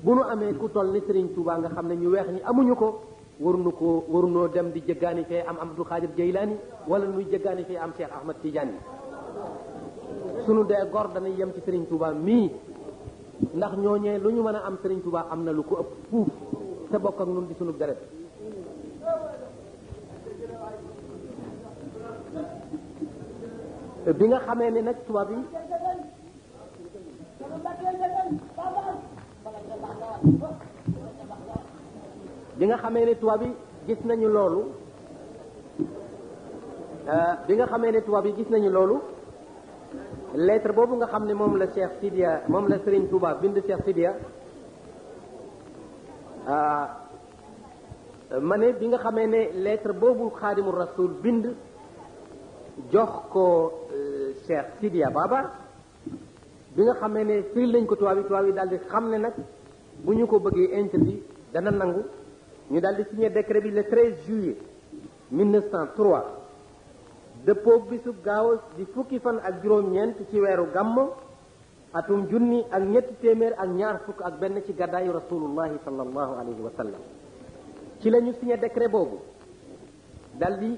bu nu amee ku toll ni Sëriñ Tuubaa nga xam ne ñu weex ñi amuñu ko waruñu ko waruñoo dem di jëggaani fee am am du Xaadir Jaylaani wala muy jëggaani fee am Cheikh Ahmad Tidiane sunu dee gor danañ yem ci sëriñ Touba mii ndax ñoo ñooñee lu ñu mën a am Serigne Touba am na lu ko ëpp fuuf te bokk ak ñun di sunu deret bi nga xamee ni nag tubaab yi bi nga xamee ne tubaab yi gis nañu loolu euh, bi nga xamee ne tubaab yi gis nañu loolu lettre boobu nga xam ne moom la Cheikh Sidia moom la Serigne Touba bind Cheikh Sidia euh, ma ne bi nga xamee ne letre boobu Xaadimu Rasul bind jox ko euh, Cheikh Sidia Baba bi nga xamee ne firi lañ ko tubaab yi tubaab yi daal di xam ne nag bu ñu ko bëggee interdit dana nangu ñu daal di signé décret bi le 13 juillet 1903 dëppoo bisu gaaw di fukki fan ak juróom-ñeent ci weeru gàmm atum junni ak ñetti téeméer ak ñaar fukk ak benn ci gàddaayu rasulullahi sallallahu alayhi ci la ñu signé boobu daldi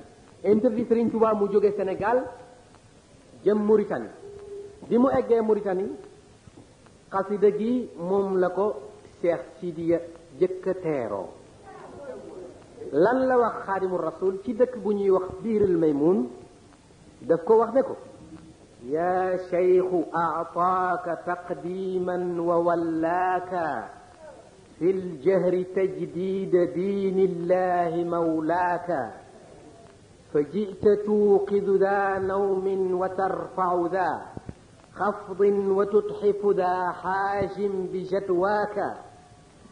di interdit Serigne mu jóge Sénégal jëm Mauritanie bi mu eggee Mauritanie xasida gi moom la ko Cheikh Sidiya jëkka teeroo lan la wax xaadimu rasul ci dëkk bu ñuy wax biirul maymun daf ko wax ne ko يا a'taaka taqdiman wa وولاك في الجهر tajdid دين الله مولاك فجئت توقد ذا نوم وترفع ذا خفض وتتحف ذا حاجم بجدواك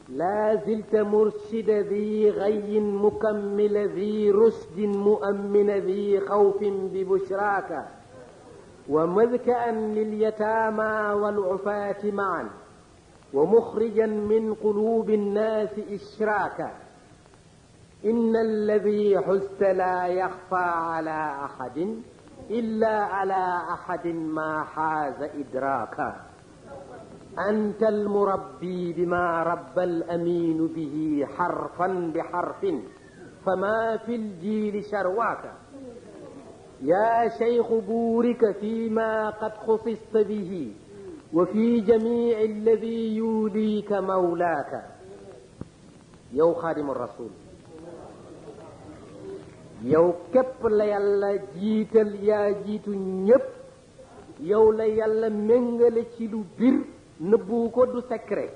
لا زلت مرشد ذي غي مكمل ذي رشد مؤمن ذي خوف ببشراك ومذكأ لليتامى والعفاة معا ومخرجا من قلوب الناس إشراكا إن الذي حزت لا يخفى على أحد إلا على أحد ما حاز إدراكا أنت المربي بما رب الأمين به حرفا بحرف فما في الجيل شرواك يا شيخ بورك فيما قد خصصت به وفي جميع الذي يوليك مولاك يو خادم الرسول يو كب la جيتل يا جيت نيب يو yow منغل yàlla méngale nëbbuwu ko du rek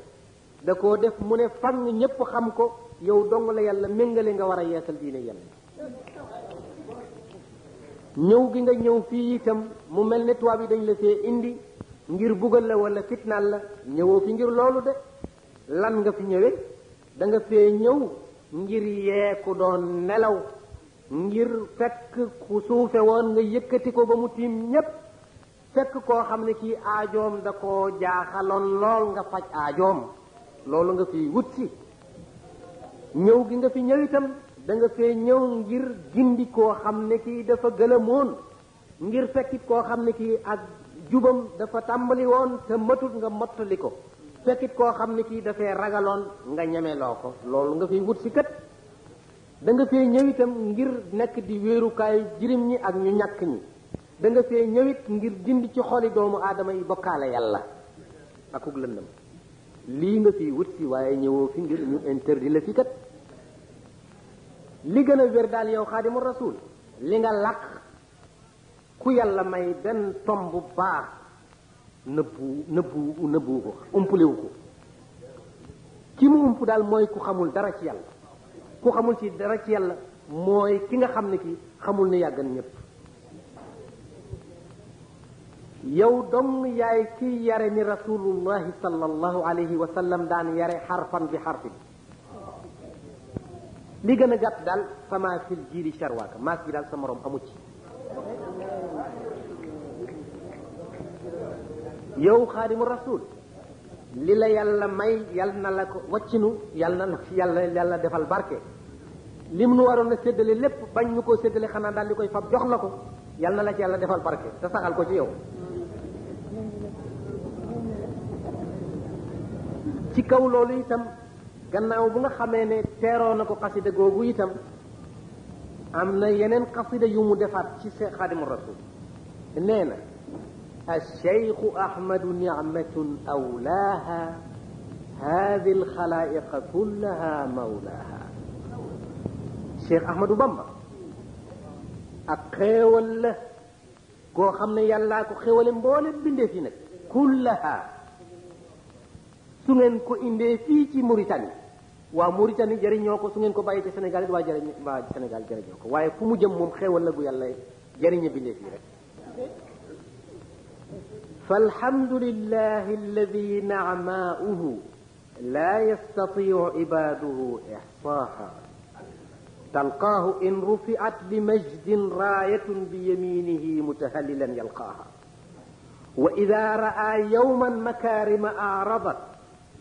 da koo def mu ne fang ñépp xam ko yow dong la yàlla méngale nga war a yeesal diine yàlla ñëw gi nga ñëw fii itam mu mel ni tubaab yi dañ la fee indi ngir bugal la wala fitnaal la ñëwoo fi ngir loolu de lan nga fi ñëwee danga fee ñëw ngir yee doon nelaw ngir fekk ku suufe woon nga yëkkati ko ba mu tiim ñépp fekk koo xam ne kii aajoom da koo jaaxaloon lool nga faj aajoom loolu nga fi wut si ñëw gi nga fi ñëw danga da fee ñëw ngir gindi koo xam ne kii dafa gëlëmoon ngir fekkit koo xam ne kii ak jubam dafa tàmbali woon te matut nga mottali ko fekkit koo xam ne kii dafay ragaloon nga ñemeloo ko loolu nga fi wut si kat da nga fee ñëw ngir nekk di wéerukaayu jirim ñi ak ñu ñakk ñi danga nga ñëwit ngir dindi ci xoli doomu aadama yi bokkaale yàlla akuk lëndëm lii nga fi wut waaye ñëwoo fi ngir ñu interdit la fi li gën a wér daal yow xaadimu rasul li nga làq ku yàlla may benn tomb baax nëbbu nëbbu nëbbu ko umpalewu ko ki mu ump daal mooy ku xamul dara ci yàlla ku xamul ci dara ci yàlla mooy ki nga xam ne ki xamul ne yàggan ñëpp yow dong yaay kii yare ni rasulullahi sallallahu alayhi wa daan yare xarfan bi xarfin li gën a gàtt daal fama fil jiili sharwaaka maas bi daal sa moroom amu ci yow xaadimu rasul li la yàlla may yàlla na la ko waccinu yàlla na yàlla yàlla defal barke lim nu waroon a séddale lépp bañ ñu ko séddale xanaa daal di koy fab jox la ko yàlla na la ci yàlla defal barke te saxal ko ci yow ci kaw loolu itam gannaaw bu nga xamee ne teeroo na ko xasida googu itam am na yeneen xasida yu mu defaat ci se xaadimu rasul nee na الشيخ أحمد نعمة أولاها هذه الخلائق كلها مولاها الشيخ أحمد بمبا أقوى له كو خمنا يلا كو خوال مبولد بندفينك كلها su ngeen ko indee fii ci Mauritanie waa Mauritanie jëriñoo ko su ngeen ko bàyyi ci Sénégal it waa jëriñ waa Sénégal jëriñoo ko waaye fu mu jëm moom xéewal la gu yàlla jëriñe bindee fii rek فالحمد لله الذي نعماؤه لا يستطيع عباده إحصاها تلقاه إن رفعت بمجد راية بيمينه متهللا يلقاها وإذا رأى يوما مكارم أعرضت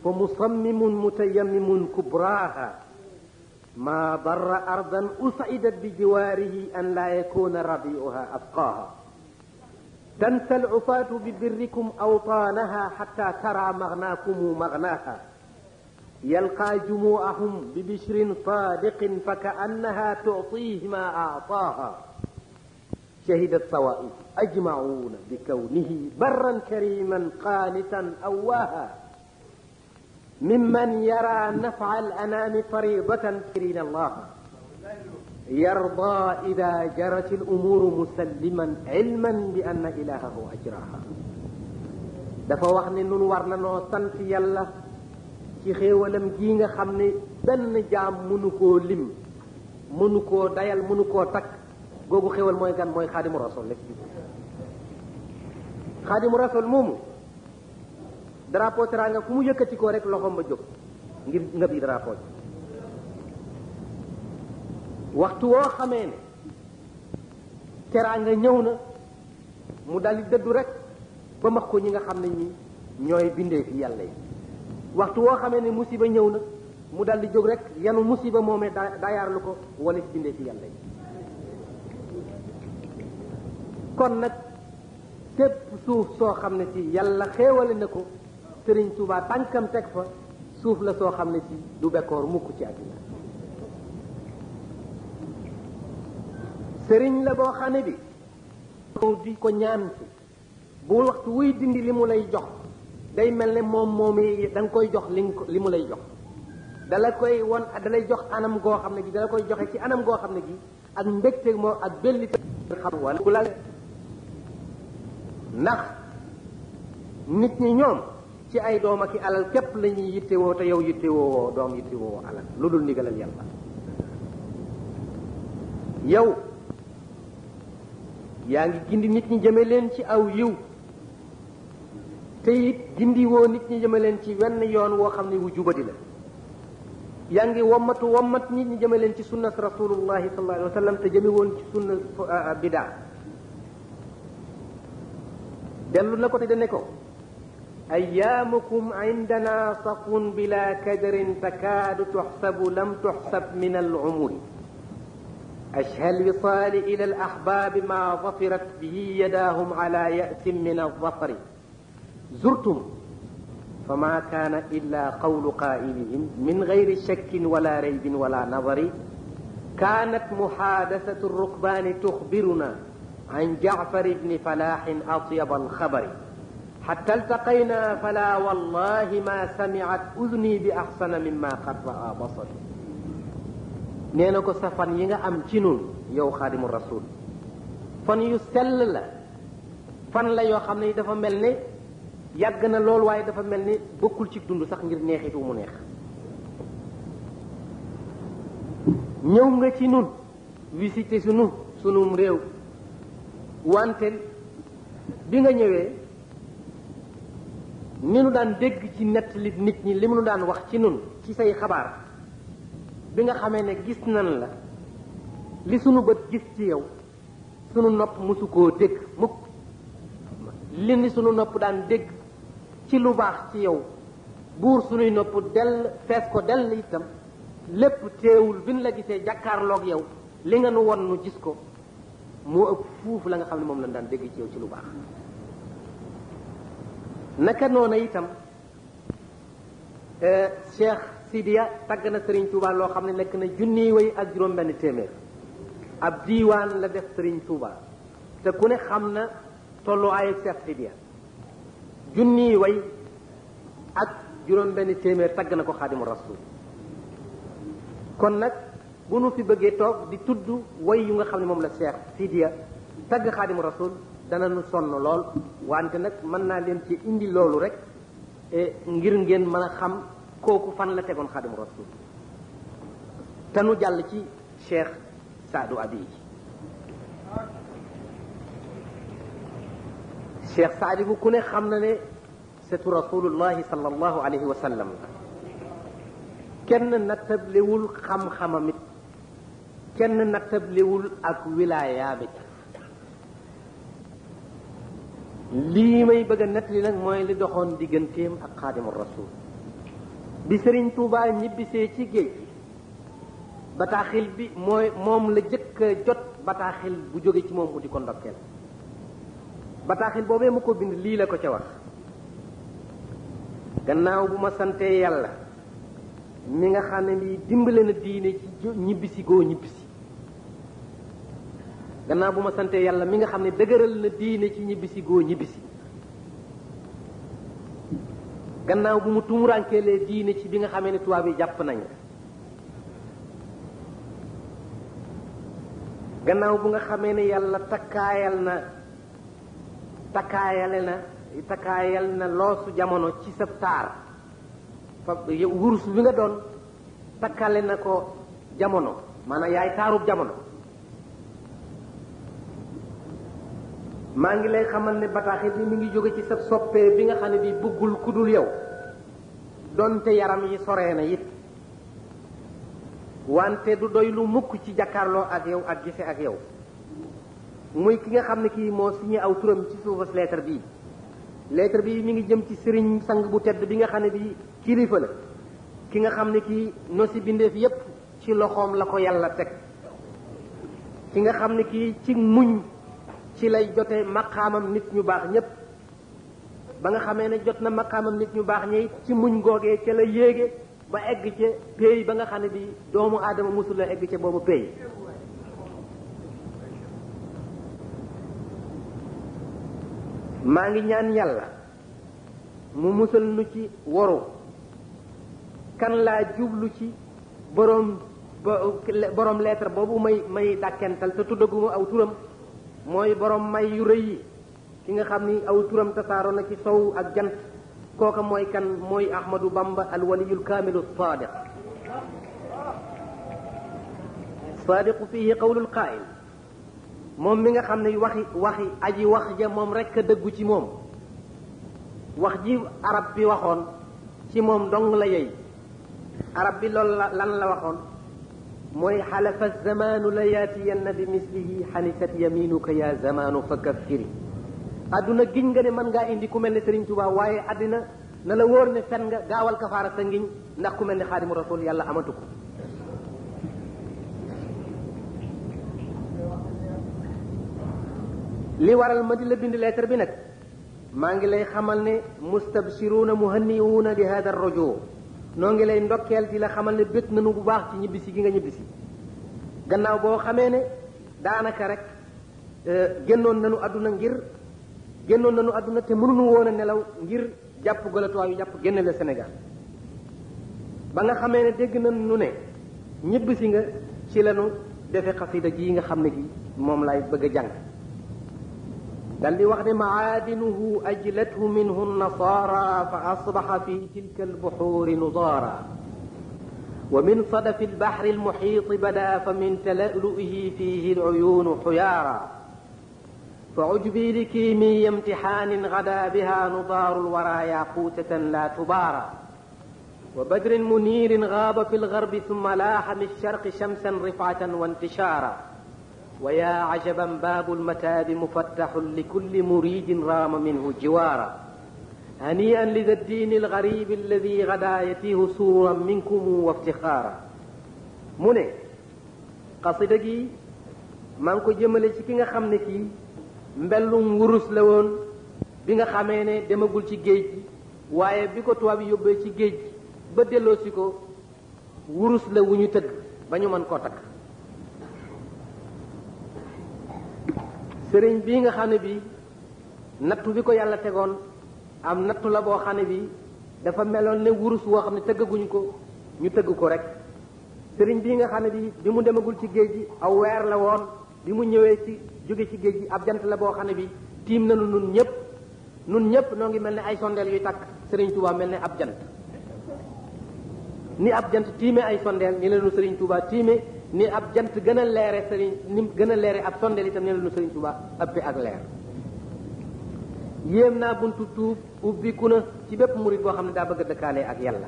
فمصمم متيمم كبراها ما ضر أرضا أسعدت بجواره أن لا يكون ربيعها أبقاها تنسى العصاة ببركم أوطانها حتى ترى مغناكم مغناها يلقى جموعهم ببشر صادق فكأنها تعطيه ما أعطاها شهد الطوائف أجمعون بكونه برا كريما قانتا أواها ممن يرى نفع الأنام فريضة كرين الله يرضى إذا جرت الأمور مسلما علما بأن إلهه أجراها dafa wax ne nun war na noo sant yàlla ci xéewalam gii nga xam ne benn jaam mënu koo lim mënu koo dayal mënu koo takk googu xéewal mooy gan mooy xaadimu rasul la xaadimu rasul moomu drapo teranga fu mu yëkkati ko rek loxom ba jóg ngir ngëb yi drapeau waxtu woo xamee ne teranga ñëw na mu dal di dëddu rek ba max ko ñi nga xam ne ñi ñooy bindee fi yàlla yi waxtu woo xamee ne musiba ñëw na mu dal di jóg rek yanu musiba moomee daayaarlu ko wala fi fi yàlla yi kon nag képp suuf soo xam ne si yàlla xéewale Sëriñ Tuubaa tànkam teg fa suuf la soo xam ne si du bekkoor mukk ci àddina sëriñ la boo xam ne bi di ko ñaan si bu waxtu wuy dindi li mu lay jox day mel ne moom moom yi da koy jox li li mu lay jox dala koy won dalay jox anam goo xam ne gi dala koy joxe ci anam goo xam ne gi ak mbégte moom ak belli xam wala ndax nit ñi ñoom ci ay doom ak i alal képp la ñuy yittewoo te yow yittewoo doom yittewoo alal lu dul ndigalal yàlla yow yaa ngi gindi nit ñi jëme leen ci aw yiw te it gindi woo nit ñi jëme leen ci wenn yoon woo xam ne wu jubadi la yaa ngi wammatu wammat nit ñi jëme leen ci sunnat rasulullahi sallallahu alayhi wa te jëme woon ci sunna uh, uh, bidaa dellu na ko te dane ko أيامكم عندنا صف بلا كدر تكاد تحسب لم تحسب من العمر أشهى الوصال إلى الأحباب ما ظفرت به يداهم على يأس من الظفر زرتم فما كان إلا قول قائلهم من غير شك ولا ريب ولا نظر كانت محادثة الركبان تخبرنا عن جعفر بن فلاح أطيب الخبر حتى التقينا فلا والله ما سمعت أذني بأحسن مما قد رأى بصري نينك سفن ينغ أمتنون يو خادم الرسول فن يسلل فن لا يو خامن يدفع ملني يغنى لول واي دفع ملني بكل شيء دوندو سخ نير نيخي دو منيخ نيو نغ تنون ويسي تسنو سنو مريو وانتن بيغا نيوه ni nu daan dégg ci nett nettali nit ñi li mu nu daan wax ci noonu ci say xabaar bi nga xamee ne gis nan la li sunu bët gis ci yow sunu nopp mosu koo dégg mukk li ni sunu nopp daan dégg ci lu baax ci yow buur sunuy nopp dell fees ko dell itam lépp teewul bi nu la gisee jàkkaarloog yow li nga nu won nu gis ko moo ëpp fuuf la nga xam ne moom lañ daan dégg ci yow ci lu baax naka noona itam euh, Cheikh Sidiya tagg na sëriñ Touba loo xam ne lekk na junniy way ak juróom-benn téeméer ab diiwaan la def sëriñ Touba te ku ne xam na tolloo ay Cheikh Sidiya junniy way ak juróom-benn téeméer tagg na ko xaadimu rasul kon nag bu nu fi bëggee toog di tudd way yu nga xam ne moom la Cheikh Sidiya tagg xaadimu rasul danañu sonn lool wante nag mën naa leen ci indi loolu rek e ngir ngeen mën a xam kooku fan la tegoon xadim rasul te jàll ci cheikh saadu abi ji cheikh saadi bu ku ne xam na ne setu rasulullahi sallallahu alayhi wa sallam kenn nattablewul xam-xamamit kenn nattablewul ak wilaayaamit lii may bëgg a nettali nag mooy li doxoon digganteem ak xaadimu rasul bi sëriñ Touba ñibbisee ci géej gi bataaxil bi mooy moom la jëkk jot bataaxil bu jóge ci moom mu di ko ndokkeel bataaxil boobee mu ko bind lii la ko ca wax gannaaw bu ma sante yàlla mi nga xam ne mii dimbale diine ci ñibbisi goo ñibbisi gannaaw buma sante yalla mi nga xam ne na diine ci ñibbisi goo ñibbisi gannaaw buma mu tumurankeelee diine ci bi nga xamee ne tubaab yi jàpp nañ gannaaw bu nga xamee ne yàlla takkaayal na takkaayale na na loosu jamono ci sa taar fa wurus bi nga doon takkale na ko jamono mana yaay taarub jamono maa ngi lay xamal ne bataaxit bi mi ngi jóge ci sa soppee bi nga xam ne bi bëggul ku yow donte yaram yi soree na it wante du doy lu mukk ci jàkkaarloo ak yow ak gise ak yow muy ki nga xam ne kii moo signé aw turam ci suufas lettre bii lettre bi mi ngi jëm ci sëriñ sang bu tedd bi nga xam ne bi kilifa la ki nga xam ne kii nosi bindeef yépp ci loxoom la ko yàlla teg ki nga xam ne kii ci muñ ci lay jotee maqaamam nit ñu baax ñépp ba nga xamee ne jot na maqaamam nit ñu baax ñey ci muñ googee ca la yéege ba egg ca pay ba nga xam ne bi doomu aadama musul la egg ca boobu pay maa ngi ñaan yàlla mu musal nu ci waru kan laa jublu ci boroom boroom lettre boobu may may dàkkental te tuddaguma aw turam mooy borom may yu rëy ki nga xam ni aw turam tasaaroo na ci sow ak jant kooka mooy kan mooy Ahmadu Bamba alwaliyul kaamilu saadiq saadiqu fiihi qawlul qaa'il moom mi nga xam ne waxi waxi aji wax ja moom rek a dëggu ci moom wax ji arab bi waxoon ci moom dong la yey arab bi loolu lan la waxoon مي حلف الزمان لياتين بمثله حنكت يمينك يا زمان فكفري ادنا جينغن من اندي كومل سيرن توبا واي ادنا نلا وور ني فن كفاره سانغين نا كومل خادم الرسول يالا امتوك لي وارال مدي لا بيند ليتر بي نك ماغي لاي خمال مستبشرون مهنيون لهذا الرجوع noo ngi lay ndokkeel di la xamal ne bét nanu bu baax ci ñibbisi gi nga ñibbisi gannaaw boo xamee ne daanaka rek euh, génnoon nanu àdduna ngir génnoon nanu àdduna te mënuñu woon nelaw ngir jàpp galatuwaa yu jàpp génne la Sénégal ba nga xamee ne dégg nañ nu ne ñibbisi nga ci lañu defe xasida ji nga xam ne gi moom lay bëgg a jàng بل لوقت معادنه أجلته منه النصارى فأصبح في تلك البحور نظارا ومن صدف البحر المحيط بدا فمن تلألؤه فيه العيون حيارا فعجبي لكيمي امتحان غدا بها نضار الورى ياقوتة لا تبارى وبدر منير غاب في الغرب ثم لاح من الشرق شمسا رفعة وانتشارا ويا عجبا باب المتاب مفتح لكل مريد رام منه جوارا هنيئا لذا الدين الغريب الذي غدا يتيه سورا منكم وافتخارا مني قصيدتي من كو جمل شي كيغا خامني كي مبلو مورس لاون بيغا خاميني ديماغول شي جيج واي بيكو يوبي شي بدلو سيكو ورس لا وني تك بانيو sëriñ bii nga xam ne bii nattu bi ko yàlla tegoon am nattu la boo xam ne bii dafa meloon ne wurus woo xam ne tëggaguñu ko ñu tëgg ko rek sëriñ bii nga xam ne bi bi mu demagul ci géej gi aw weer la woon bi mu ñëwee ci jóge ci géej gi ab jant la boo xam ne bii tiim nañu nun ñëpp nun ñëpp noo ngi mel ne ay sondeel yuy takk sëriñ Touba mel ne ab jant ni ab jant tiime ay sondeel ni la sëriñ Touba tiime ni ab jant gën a leere sëriñ ni gën a leere ab sondeel itam ne la nu sëriñ Tuubaa ëppe ak leer yéem naa buntu tuub ubbiku na ci bépp murit boo xam ne daa bëgg a dëkkaale ak yàlla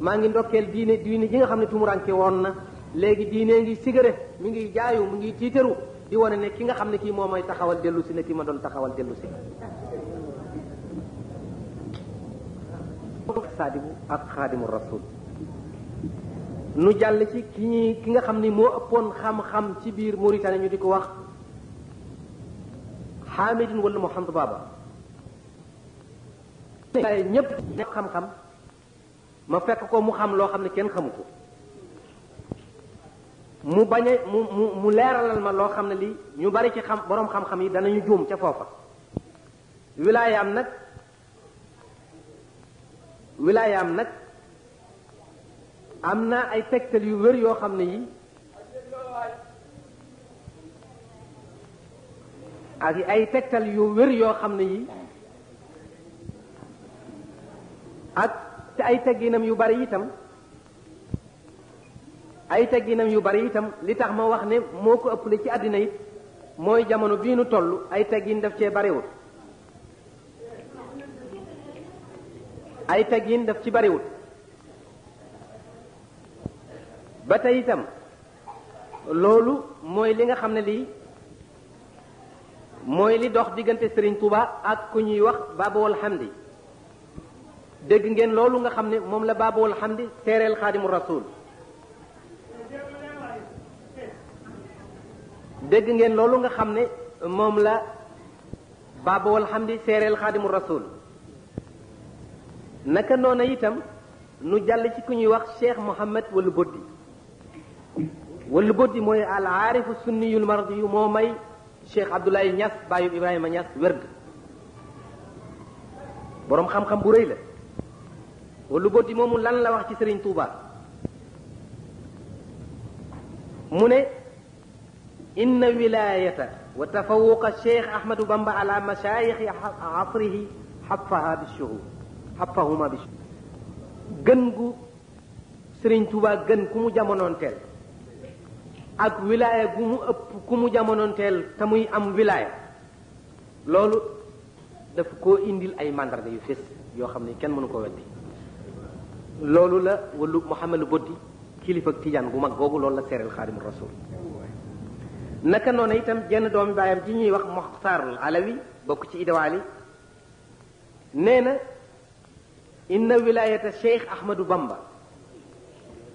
maa ngi ndokkeel diine diine ji nga xam ne tumuranke woon na léegi diine ngi sigare mu ngi jaayu mu ngi tiitaru di wane ne ki nga xam ne kii moo may taxawal dellu si na ki ma doon taxawal dellu si saadibu ak xaadimu rasul nu jàll ci ki ñuy ki nga xam ni moo ëppoon xam-xam ci biir Mauritanie ñu di ko wax Hamidine wala Mouhamed Baba waaye ñépp xam-xam ma fekk ko mu xam loo xam ne kenn xamu ko mu bañ a mu mu mu leeralal ma loo xam ne li ñu bari ci xam boroom xam-xam yi danañu juum ca foofa wilaayaam nag wilaayaam nag am na ay tegtal yu wér yoo xam ne yi ak ay tegtal yu wér yoo xam ne yi ak te ay tegginam yu bari itam ay tegginam yu bari itam li tax ma wax ne moo ko ëpp ëppale ci àddina yi mooy jamono bii nu toll ay teggin def cee bariwul ay teggin def ci bariwul ba tey itam loolu mooy li nga xam ne lii mooy li dox diggante Serigne Touba ak ku ñuy wax Babawal Hamdi dégg ngeen loolu nga xam ne moom la Babawal Hamdi seereel Xaadimu Rasuul dégg ngeen loolu nga xam ne moom la Babawal Hamdi seereel Xaadimu Rasuul naka noona itam nu jàll ci ku ñuy wax Cheikh Mohammed walu Boddi wala boddi mooy al aarifu sunniyul mardiyu moo may Cheikh Abdoulaye Niass bàyyub Ibrahima Niass wérg boroom xam-xam bu rëy la wala boddi moomu lan la wax ci Serigne Touba mu ne inna wilayata wa tafawuqa Cheikh Ahmadou Bamba ala mashayixi asrihi xafaha bishuhur xafahuma bishuhur gën gu Serigne Touba gën ku mu jamonoon teel ak wilaaya gu mu ëpp ku mu jamonoonteel te muy am wilaaya loolu daf ko indil ay mandarga yu fees yoo xam ne kenn mënu ko weddi loolu la wallu Muhammadu Boddi kilifa tijaan gu mag googu loolu la seereel xaadimu rasul naka noonu itam jenn doomi baayam ji ñuy wax Muxtaarul Alawi bokk ci Idawali nee na inna wilaayata Cheikh Ahmadou Bamba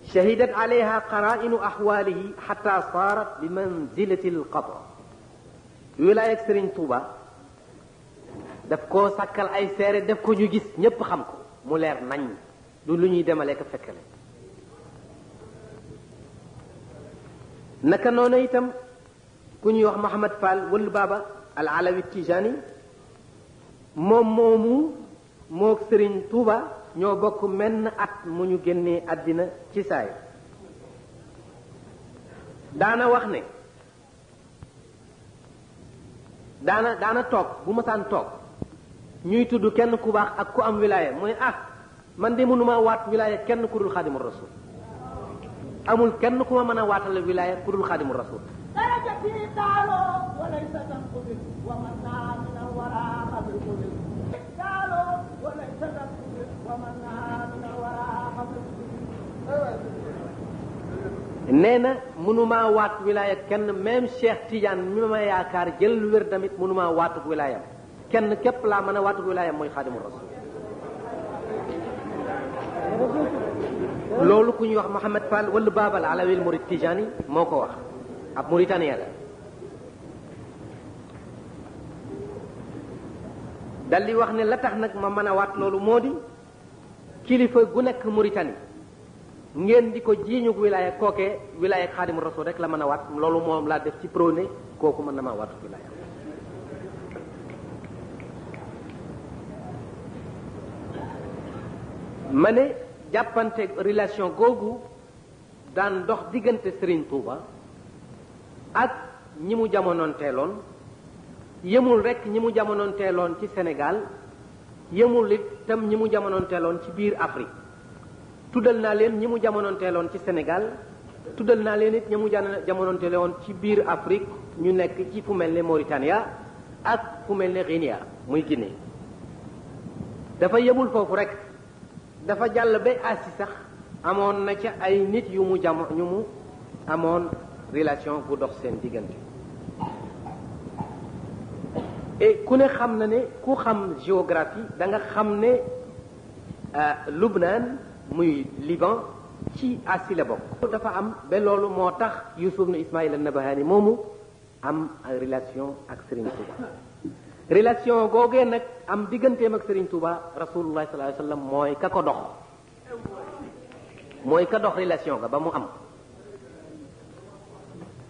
شهدت عليها قرائن أحواله حتى صارت بمنزلة القبر يقول ولا سرين توبا دفكو سكال أي سير دفكو جيس نيب خمكو مولير نان دولوني دم عليك فكرة نكا نونا يتم كوني وخ محمد فال والبابا العلوي التجاني مو مومو موك سرين توبه ñoo bokk menn at mu ñu génnee àddina ci saay daana wax ne daana daana toog bu masaan toog ñuy tudd kenn ku baax ak ku am wilaaya mooy ah man de mënuma waat wilaaya kenn ku dul xaadimu amul kenn ku ma mën a waatal wilaaya ku dul xaadimu rasul nee mënuma mënumaa waat wilaaya kenn même Cheikh Tidiane mi ma yaakaar jël wér tamit mënumaa waatuk wilaayam kenn képp laa mën a waatuk wilaayam mooy xaadimu rasul loolu ku ñuy wax Mouhamed Fall wala Babal alawil murid Tijani moo ko wax ab Mauritanien la dal di wax ne la tax nag ma mën a waat loolu moo di kilifa gu nekk Mauritanie ngeen di ko jiiñu wilaaya kooke wilaaya xaadimu rasul rek la mën a waat loolu moom laa def ci prôné kooku mën na maa waatu wilaaya ma ne jàppante relation googu daan dox diggante Serigne Touba ak ñi mu jamonoonteeloon yëmul rek ñi mu jamonoonteeloon ci senegal yëmul itam ñi mu jamonoonteeloon ci biir Afrique tuddal naa leen ñi mu jamonoonteeloon ci senegal tuddal naa leen it ñi mu jamonoonteeloon ci biir Afrique ñu nekk ci fu mel ni Mauritania ak fu mel ne Guinée muy Guinée dafa yemul foofu rek dafa jàll ba asi sax amoon na ca ay nit yu mu jamo ñu mu amoon relation bu dox seen diggante ku ne xam na ne ku xam géographie danga xam ne euh, Lubnaan muy Liban ci assi la bokk dafa am ba loolu moo tax Yusuf na Ismaïl an-Nabahani moomu am relation ak Serigne Touba relation googee nag am digganteem ak Serigne Touba rasulullah sallallahu alayhi wa sallam mooy ka ko dox mooy ka dox relation ga ba mu am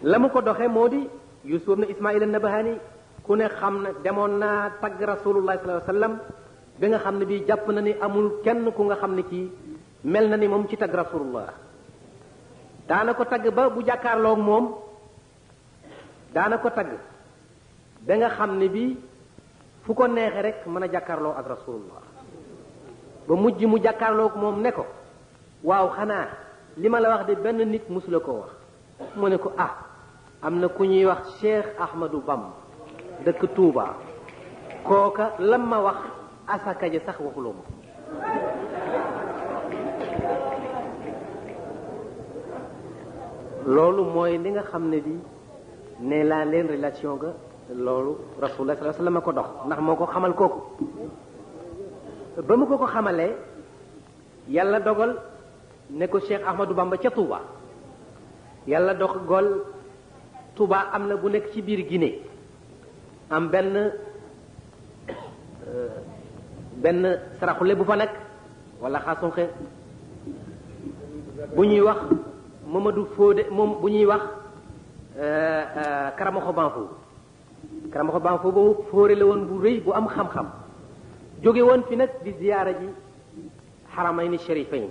la mu ko doxee moo di Yusuf na Ismaïl an-Nabahani ku ne xam na demoon naa tagg rasulullah sallallahu alayhi bi nga xam ne bii jàpp na ni amul kenn ku nga xam ne kii mel na ni moom ci tagg rasulullah daana ko tagg ba bu jàkkaarloog moom daana ko tagg ba nga xam ni bi fu ko neexee rek mën a jàkkaarloo ak rasulullah ba mujj mu jàkkarlook moom ne ko waaw xanaa li ma la wax di benn nit musula ko wax mu ne ko ah am na ku ñuy wax Cheikh Ahmadou Bam dëkk Touba kooka la ma wax asaka ji sax waxuloo ma loolu mooy li nga xam ne bi ne laa leen relation ga loolu rasulullah sallallahu a ko dox ndax moo ko xamal kooku ba mu ko ko xamalee yàlla dogal ne ko Cheikh Ahmadou Bamba ca Touba yàlla dogal Touba am na bu nekk ci biir Guinée am benn euh, benn saraxule bu fa nekk wala xaasunxe bu ñuy wax Mamadou Fodé moom bu ñuy wax euh, euh, Karamoxo Banfo Karamoxo Banfo boobu fóore woon bu rëy bu am xam-xam jóge woon fi nag di ziyaara ji xaramayni sharifayn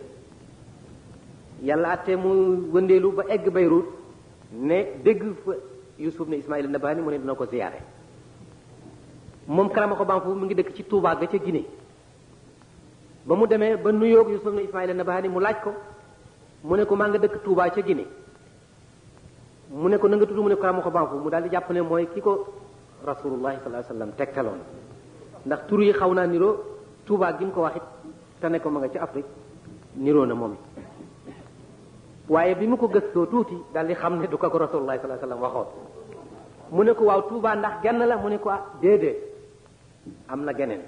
yàlla atte mu wëndeelu ba egg Beyrouth ne dégg fa Yusuf ne Ismaïl Nabani mu ne dina ko ziyaare moom Karamoxo Banfo mu ngi dëkk ci Touba ga ca Guinée ba mu demee ba nuyoog Yusuf ne Ismaïl Nabani mu laaj ko mu ne ko maa nga dëkk tuubaa ca Guinée mu ne ko na nga tudd mu ne ko raa ma ko banku mu daal di jàpp ne mooy ki ko rasulullahi sallallahu alayhi wasallam tegtaloon ndax tur yi xaw naa niroo tuubaa gi mu ko waxit te ne ko ma nga ca Afrique niroo na moom it waaye bi mu ko gëstoo tuuti daal di xam ne du ko ko rasulullahi sallallahu waxoon mu ne ko waaw tuubaa ndax genn la mu ne ko ah déedéet am na geneen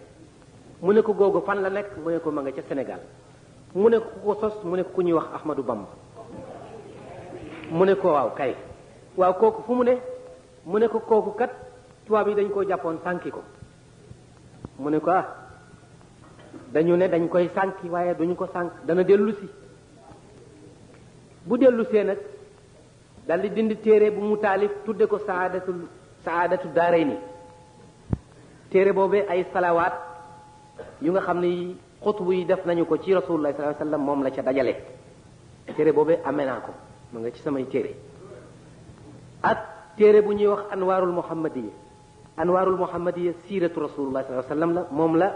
mu ne ko googu fan la nekk mu ne ko ma nga ca senegal mu ne ku ko sos mu ne ku ñuy wax Ahmadou Bamba mu ne ko waaw kay waaw kooku fu mu ne mu ne ko kooku kat tubaab yi dañ koo jàppoon sànki ko mu ne ko ah dañu ne dañ koy sànki waaye duñu ko sànk dana dellu bu dellu see nag di dindi téere bu mu taalif tudde ko saadatu saadatu daaray ni téere boobee ay salawaat yu nga xam ne xutbu yi def nañu ko ci rasulullah sallallahu wasallam moom la ca dajale téere boobee amee naa ko ma nga ci samay téere ak téere bu ñuy wax anwaarul muhammadiya anwaarul muhammadiya siiratu rasulullah sallallahu wasallam la moom la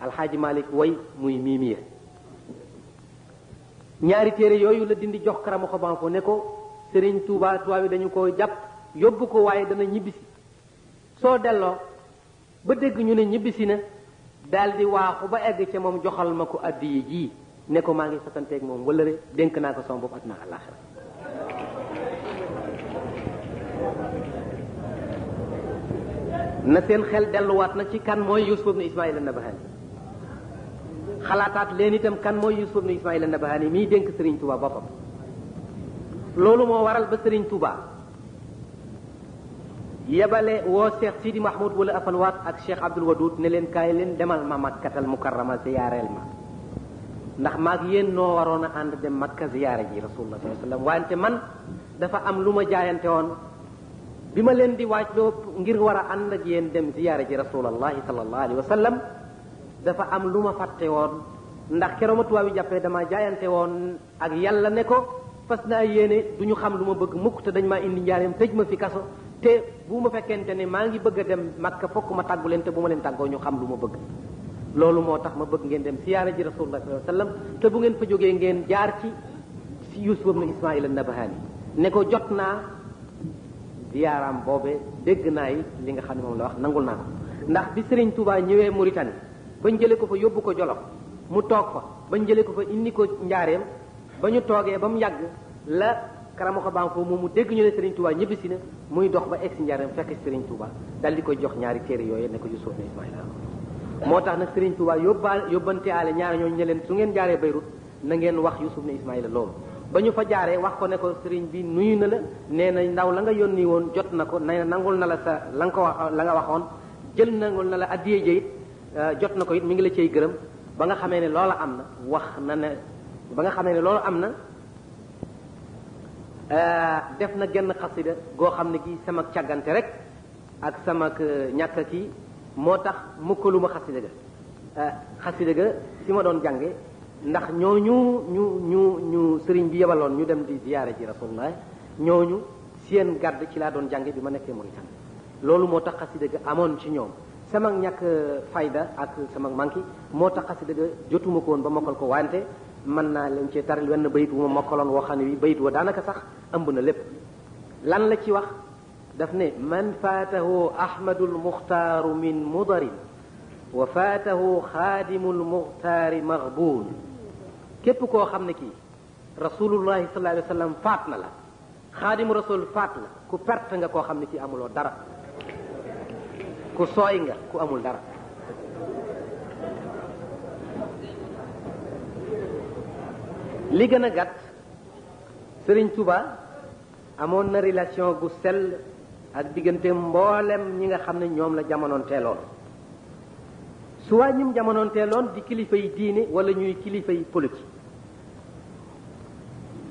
alxaaji malik way muy miimiya ñaari téere yooyu la dindi jox karama ko ne ko sëriñ tuuba tubaab yi dañu koy jàpp yóbbu ko waaye dana ñibbisi soo delloo ba dégg ñu ne ñibbisi na daldi di waaxu ba egg ca moom joxal ma ko addiya jii ne ko maa ngi satanteeg moom wala rek dénk naa ko sama bopp ak naa àllaaxira na seen xel delluwaat na ci kan mooy Yusuf ibn Ismaïl an-Nabahani xalaataat leen itam kan mooy Yusuf ibn Ismaïl an-Nabahani mii dénk sëriñ Serigne Touba boppam loolu moo waral ba sëriñ Touba yebale woo Cheikh Sidi Mahmoud wala afalwaat ak Cheikh Abdul Wadud ne leen kaay leen demal ma makkatal mukarrama ziyaareel ma ndax maak yéen noo waroon a ànd dem makka ziyaare ji rasulullah sallallahu alayhi wasallam man dafa am lu ma jaayante woon ma leen di waaj ngir war a ànd ak yéen dem ziyaare ji rasulallahi sallallahu alayhi wasallam dafa am lu ma fàtte woon ndax keroog ma tubaab jàppee dama jaayante woon ak yàlla ne ko fas naa yéene du ñu xam lu ma bëgg mukk te dañ ma indi njaareem tëj ma fi kaso te bu ma fekkente ne maa ngi bëgg a dem Makka fokk ma tàggu leen te bu ma leen tàggoo ñu xam lu ma bëgg loolu moo tax ma bëgg ngeen dem siyaara ji rasulullah sallallahu alayhi wa sallam te bu ngeen fa jógee ngeen jaar ci Yusuf ibn Ismail an-Nabahani ne ko jot naa ziyaaraam boobe dégg naa it li nga xam ne moom la wax nangul naa ko ndax bi Serigne Touba ñëwee Mauritanie bañ jëlee ko fa yóbbu ko jolo mu toog fa bañ jëlee ko fa indi ko njaareem ba ñu toogee ba mu yàgg karama ko banko moom mu dégg ñu ne Serigne Touba ñibbisi na muy dox ba egsi njaaram fekk Serigne Touba dal di koy jox ñaari téere yooyu ne ko Yuusuf ne Ismaïla moo tax nag Serigne Touba yóbbaale yóbbante aale ñaari ñooñu ne su ngeen jaaree Beyrut na ngeen wax Yuusuf ne Ismaïla loolu ba ñu fa jaaree wax ko ne ko seriñ bi nuyu na la nee na ndaw la nga yónni woon jot na ko nee na nangul na la sa la nga ko wax la nga waxoon jël nangul na la addiyee ja it euh, jot na ko it mu ngi la cay gërëm ba nga xamee ne loola am na wax na ne ba nga xamee ne loolu am na Euh, def na genn xasida goo xam ne gi sama càggante rek ak sama euh, ñàkk kii moo tax mukkaluma xasida ga euh, xasida ga si ma doon jànge ndax ñooñu ñu ñu ñu sëriñ bi yebaloon ñu dem di ziyaare ji rasulullah ñooñu yenn gàdd ci laa doon jànge bi ma nekkee Mauritanie loolu moo tax xasida ga amoon ci ñoom sama ñàkk fayda ak sama manki moo tax xasida ga jotuma ko ba mokkal ko wante man naa leen ci taral wenn bayit wu ma mokkaloon woo xam bi bayit wa daanaka sax ëmb na lépp lan la ci wax daf ne man faatahu ahmadul muxtaaru min mudarin wa faatahu xaadimul muxtaari maxbuun képp koo xam ne kii rasulullahi sallallahu alayhi wa sallam faat na la xaadimu rasul faat la ku perte nga koo xam ne kii amuloo dara ku sooy nga ku amul dara li gën a gàtt sëriñ Touba amoon na relation gu sell ak diggante mboolem ñi nga xam ne ñoom la jamonoon teeloon soit ñum di kilifa yi diine wala ñuy kilifa yi politique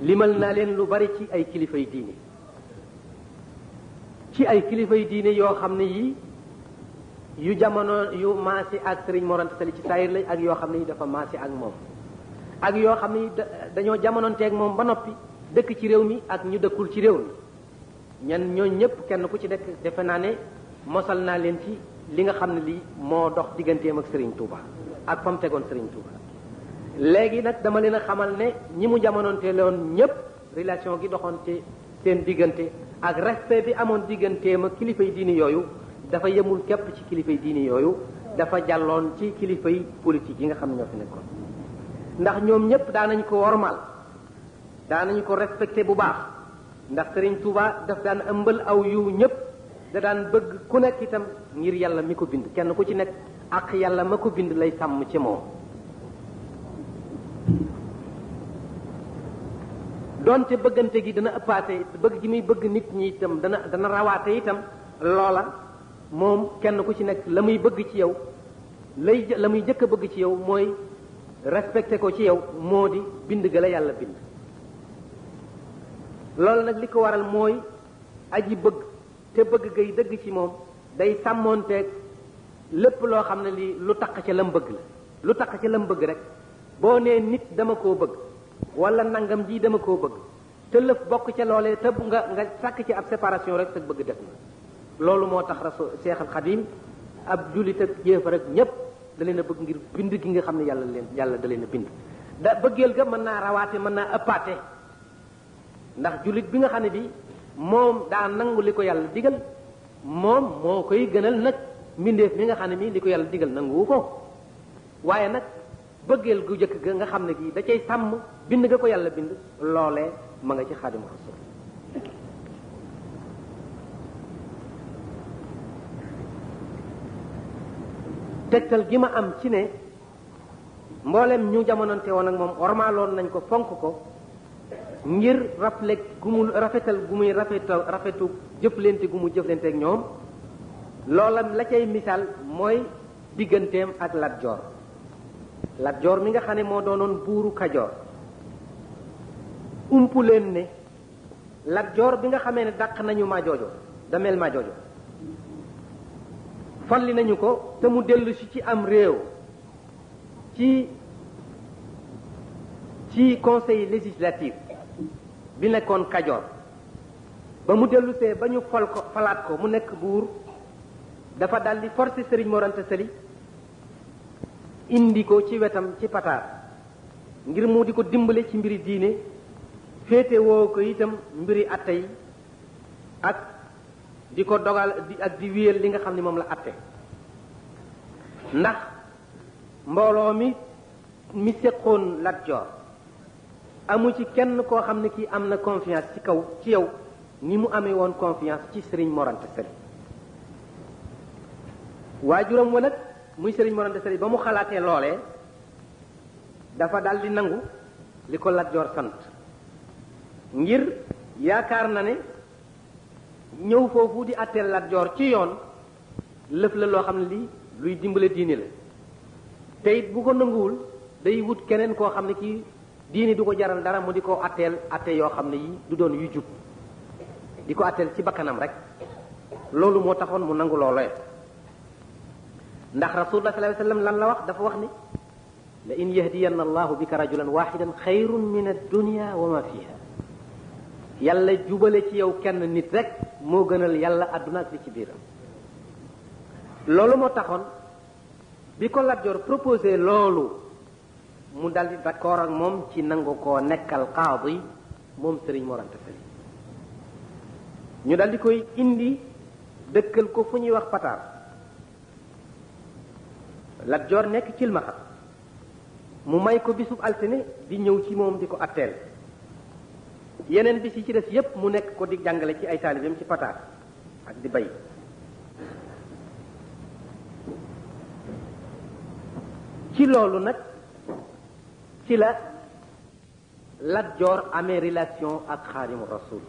limal naa leen lu bari ci ay kilifa yi diine ci ay kilifa yi diine yoo xam ne yii yu jamono yu maase ak Serigne Mor Anta Sali ci saayir lañ ak yoo xam ne yi dafa maase ak moom ak yoo xam ni dañoo jamononteeg moom ba noppi dëkk ci réew mi ak ñu dëkkul ci réew mi ñan ñooñ ñëpp kenn ku ci nekk defe naa ne mosal naa leen ci li nga xam ne lii moo dox digganteem ak Serigne Touba ak fa mu tegoon léegi nag dama leen a xamal ne ñi mu jamononteeloon ñëpp relation gi doxoon ci seen diggante ak respect bi amoon digganteem ak kilifay diini yooyu dafa yemul képp ci kilifay diini yooyu dafa jàlloon ci kilifa kilifay politique yi nga xam ne ñoo fi nekkoon. ndax ñoom ñépp daanañ ko wormaal daanañ ko respecté bu baax ndax Sëriñ Tuuba daf daan ëmbal aw yiw ñépp da daan bëgg ku nekk itam ngir yàlla mi ko bind kenn ku ci nekk ak yàlla ma ko bind lay sàmm ci moom doonte bëggante gi dana ëppaate bëgg gi muy bëgg nit ñi itam dana dana rawaate itam loola moom kenn ku ci nekk la muy bëgg ci yow lay la muy jëkk a bëgg ci yow mooy respecté ko ci yow moo di bind ga la yàlla bind loolu nag li ko waral mooy aji bëgg te bëgg gay dëgg ci moom day sàmmoonteeg lépp loo xam ne lii lu taq ci lam bëgg la lu taq ca lam bëgg rek boo nee nit dama koo bëgg walla nangam ji dama koo bëgg te lëf bokk ci loolee te nga nga sàkk ci ab séparation rek sa bëgg def na loolu moo tax rasul Seexal Xadim ab jullit ak jéefar rek ñépp daleen leen bëgg ngir bind gi nga xam ne yàlla leen yàlla da leen a bind da bëggeel ga mën naa rawaate mën naa ëppaate ndax jullit bi nga xam ne bi moom daa nangu li ko yàlla digal moom moo koy gënal nag mbindeef mi nga xam ne mi li ko yàlla digal nanguwu ko waaye nag bëggeel gu jëkk ga nga xam ne gi da cay sàmm bind ga ko yàlla bind loole ma nga ci xaadimu rasul tegtal gi ma am ci ne mboolem ñu jamononte woon ak moom ormaaloon nañ ko fonk ko ngir raflet rafetal gu muy rafetal rafetu jëflante gu mu jëflante ak ñoom loolam la cay misaal mooy digganteem ak Lat Joor Lat mi nga xam ne moo doonoon buuru Kajoor umpu leen ne Lat bi nga xamee ne dàq nañu Majoojo Dameel Majoojo folli nañu ko te mu dellu si ci am réew ci ci conseil législatif bi nekkoon Kajoor ba mu dellusee ba ñu fol ko falaat ko mu nekk buur dafa daldi forcé sëriñ Mor Anta Sali indi ko ci wetam ci pataar ngir moo di ko dimbale ci mbiri diine féete woo ko itam mbiri atte ak di ko dogal di ak di wéyal li nga xam ne moom la atte ndax mbooloo mi mi séqoon Lat Joor amu ci kenn koo xam ne kii am na confiance ci kaw ci yow ni mu amee woon confiance ci Serigne Mor Anta waa waajuram wa nag muy Serigne Mor Anta ba mu xalaatee loolee dafa dal di nangu li ko Lat Joor sant ngir yaakaar na ne ñëw foofu di àtteel Lat Joor ci yoon lëf la loo xam ne lii luy dimbale diini la te it bu ko nanguwul day wut keneen koo xam ne kii diine du ko jaral dara mu di ko àtteel àtte yoo xam ne yi du doon yu jub di ko àtteel ci bakkanam rek loolu moo taxoon mu nangu loolooy ndax rasulullah sallallahu alayhi wasallam lan la wax dafa wax ni la in yahdiyanna allahu bika rajulan wahidan xayrun min ad dunya wa ma fiha yàlla jubale ci yow kenn nit rek moo gënal yàlla àdduna ak li ci biiram loolu moo taxoon bi ko Lat Joor proposé loolu mu daldi d'accord ak moom ci nangu ko nekkal qaadi moom sëriñ Mor Anta ñu daldi koy indi dëkkal ko fu ñuy wax pataar Lat Joor nekk cilmaxa mu may ko bisub altine di ñëw ci moom di ko atteel yeneen bi yi ci des yépp mu nekk ko di jàngale ci ay taalibeem ci pataat ak di bay ci loolu nag ci la Lat Joor amee relation ak Xaadimu Rasuul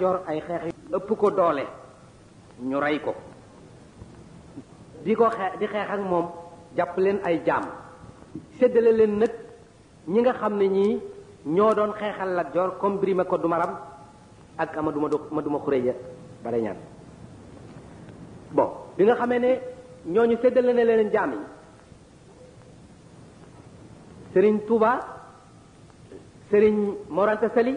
Lat ay xeex yu ëpp ko doole ñu rey ko di ko xee di xeex ak moom jàpp leen ay jaam séddale leen nag ñi nga xam ne ñii ñoo doon xeexal Lat Joor comme Birima Koddu Maram ak Amadu Maduma Xureja bare ñaan bo bi nga xamee ne ñooñu séddale na leen jaam yi Sëriñ Tuuba Sëriñ Moranta Sali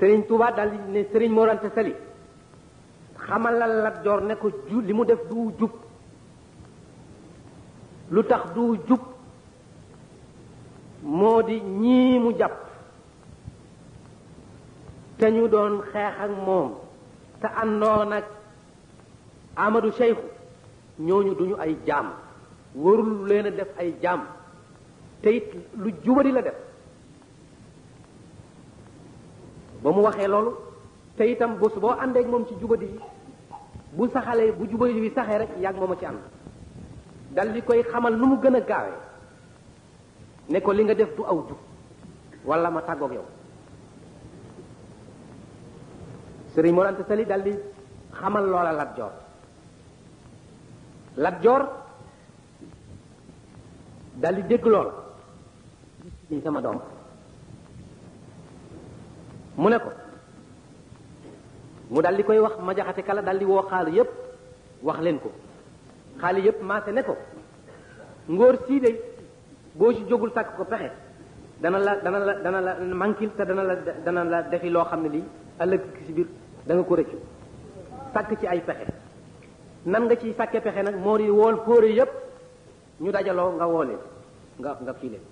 Sëriñ Tuuba daal di ne Sëriñ Moranta Sali xamalal Lat Joor ne ko ju li mu def du jub lu tax du jub moo di mu jàpp te ñu doon xeex ak moom te àndoon amadou ñooñu duñu ay jaam warul leen a def ay jaam te it lu jubadi la def ba mu waxee loolu te itam bés boo àndeeg moom ci jubadi yi bu saxalee bu jubaju bi saxee rek yàgg moom a ci am dal di koy xamal lu mu gën a gaawee ne ko li nga def du aw jub wala ma tàggoog yow sëriñ Mor Anta Sali dal di xamal loola Lat Joor Lat Joor dal di dégg loola sama doom mu ne ko mu daal di koy wax majaxate kala dal di woo xaalu yépp wax leen ko xaalu yépp maase ne ko ngóor sii de boo ci jógul sàkk ko pexe dana la dana la dana la mankil te dana la dana la defi loo xam ne lii ëllëg ci biir danga ko rëccu sàkk ci ay pexe nan nga ciy sàkke pexe nag moo di wool póore yépp ñu dajaloo nga woo leen nga nga kii leen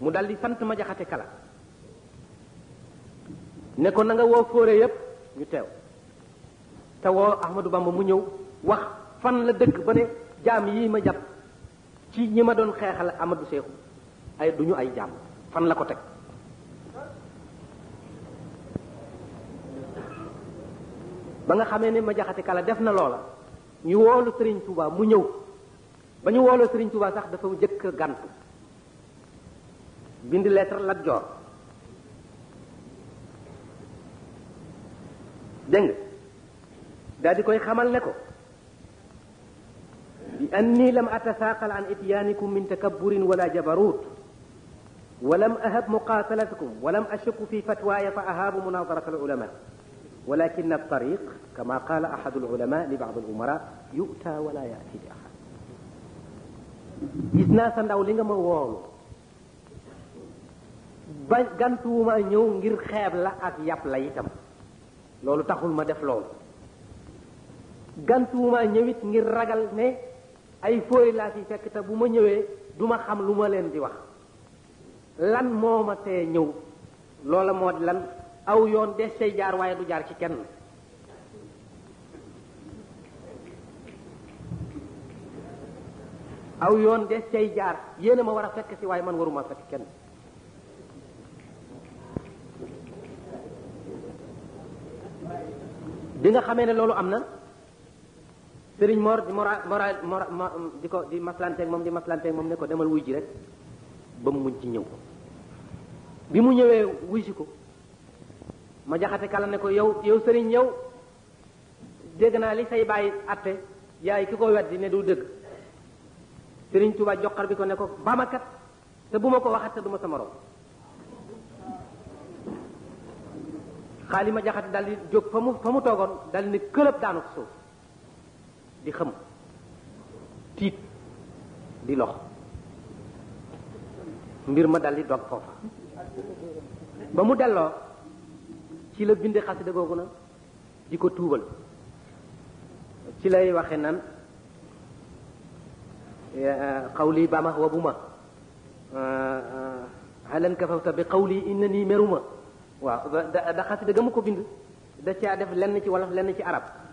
mu daldi sant ma jaxate kala ne ko na nga woo fóore yépp ñu teew te woo Ahmadou Bamba mu ñëw wax fan la dëkk ba ne jaam yi ma jàpp ci ñi ma doon xeexal Amadou Seexu ay duñu ay jaam fan la ko teg ba nga xamee ne ma jaxate kala def na loola ñu woolu sëriñ Touba mu ñëw ba ñu wooloo sëriñ Touba sax dafa jëkk gàntu bind lettre Lat Joor دنگ دادي كوي خمال نكو لأني لم أتساقل عن إتيانكم من تكبر ولا جبروت ولم أهب مقاتلتكم ولم أشك في فتواي فأهاب مناظرة العلماء ولكن الطريق كما قال أحد العلماء لبعض الأمراء يؤتى ولا يأتي بأحد إذ ناسا لو لنجم وولو بانتو ما نيو غير خيب لا أك loolu taxul ma def loolu gantuwuma ñëwit ngir ragal ne ay fóori laa fi fekk te bu ma ñëwee duma ma xam lu ma leen di wax lan moo ma tee ñëw loola moo lan aw yoon des say jaar waaye du jaar ci kenn aw yoon des say jaar yéen ma war a fekk si waaye man waruma fekk kenn bi nga xamee ne loolu am na sëriñ Mor di mora mora di ko di maslanteeg moom di maslanteeg moom ne ko demal wuy ji rek ba mu muñ ci ñëw bi mu ñëwee wuy ji ko ma jaxate kala ne ko yow yow sëriñ yow dégg naa li say bàyyi atte yaay ki ko weddi ne du dëgg sëriñ Tuubaa joxar bi ko ne ko ba ma kat te bu ma ko waxat te du ma sa morom xaalima jaxati daal di jóg fa mu fa mu toogoon daal di këlëb daanu ko suuf di xam tiit di lox mbir ma daal di dog foofa ba mu delloo ci la binde xasida googu na di ko tuubal ci lay waxe nan eh, qawli ba ma wa bu ma eh, eh, alan kafawta bi qawli inna nii meruma waaw da da xasida ga mu ko bind da caa def lenn ci wolof lenn ci arab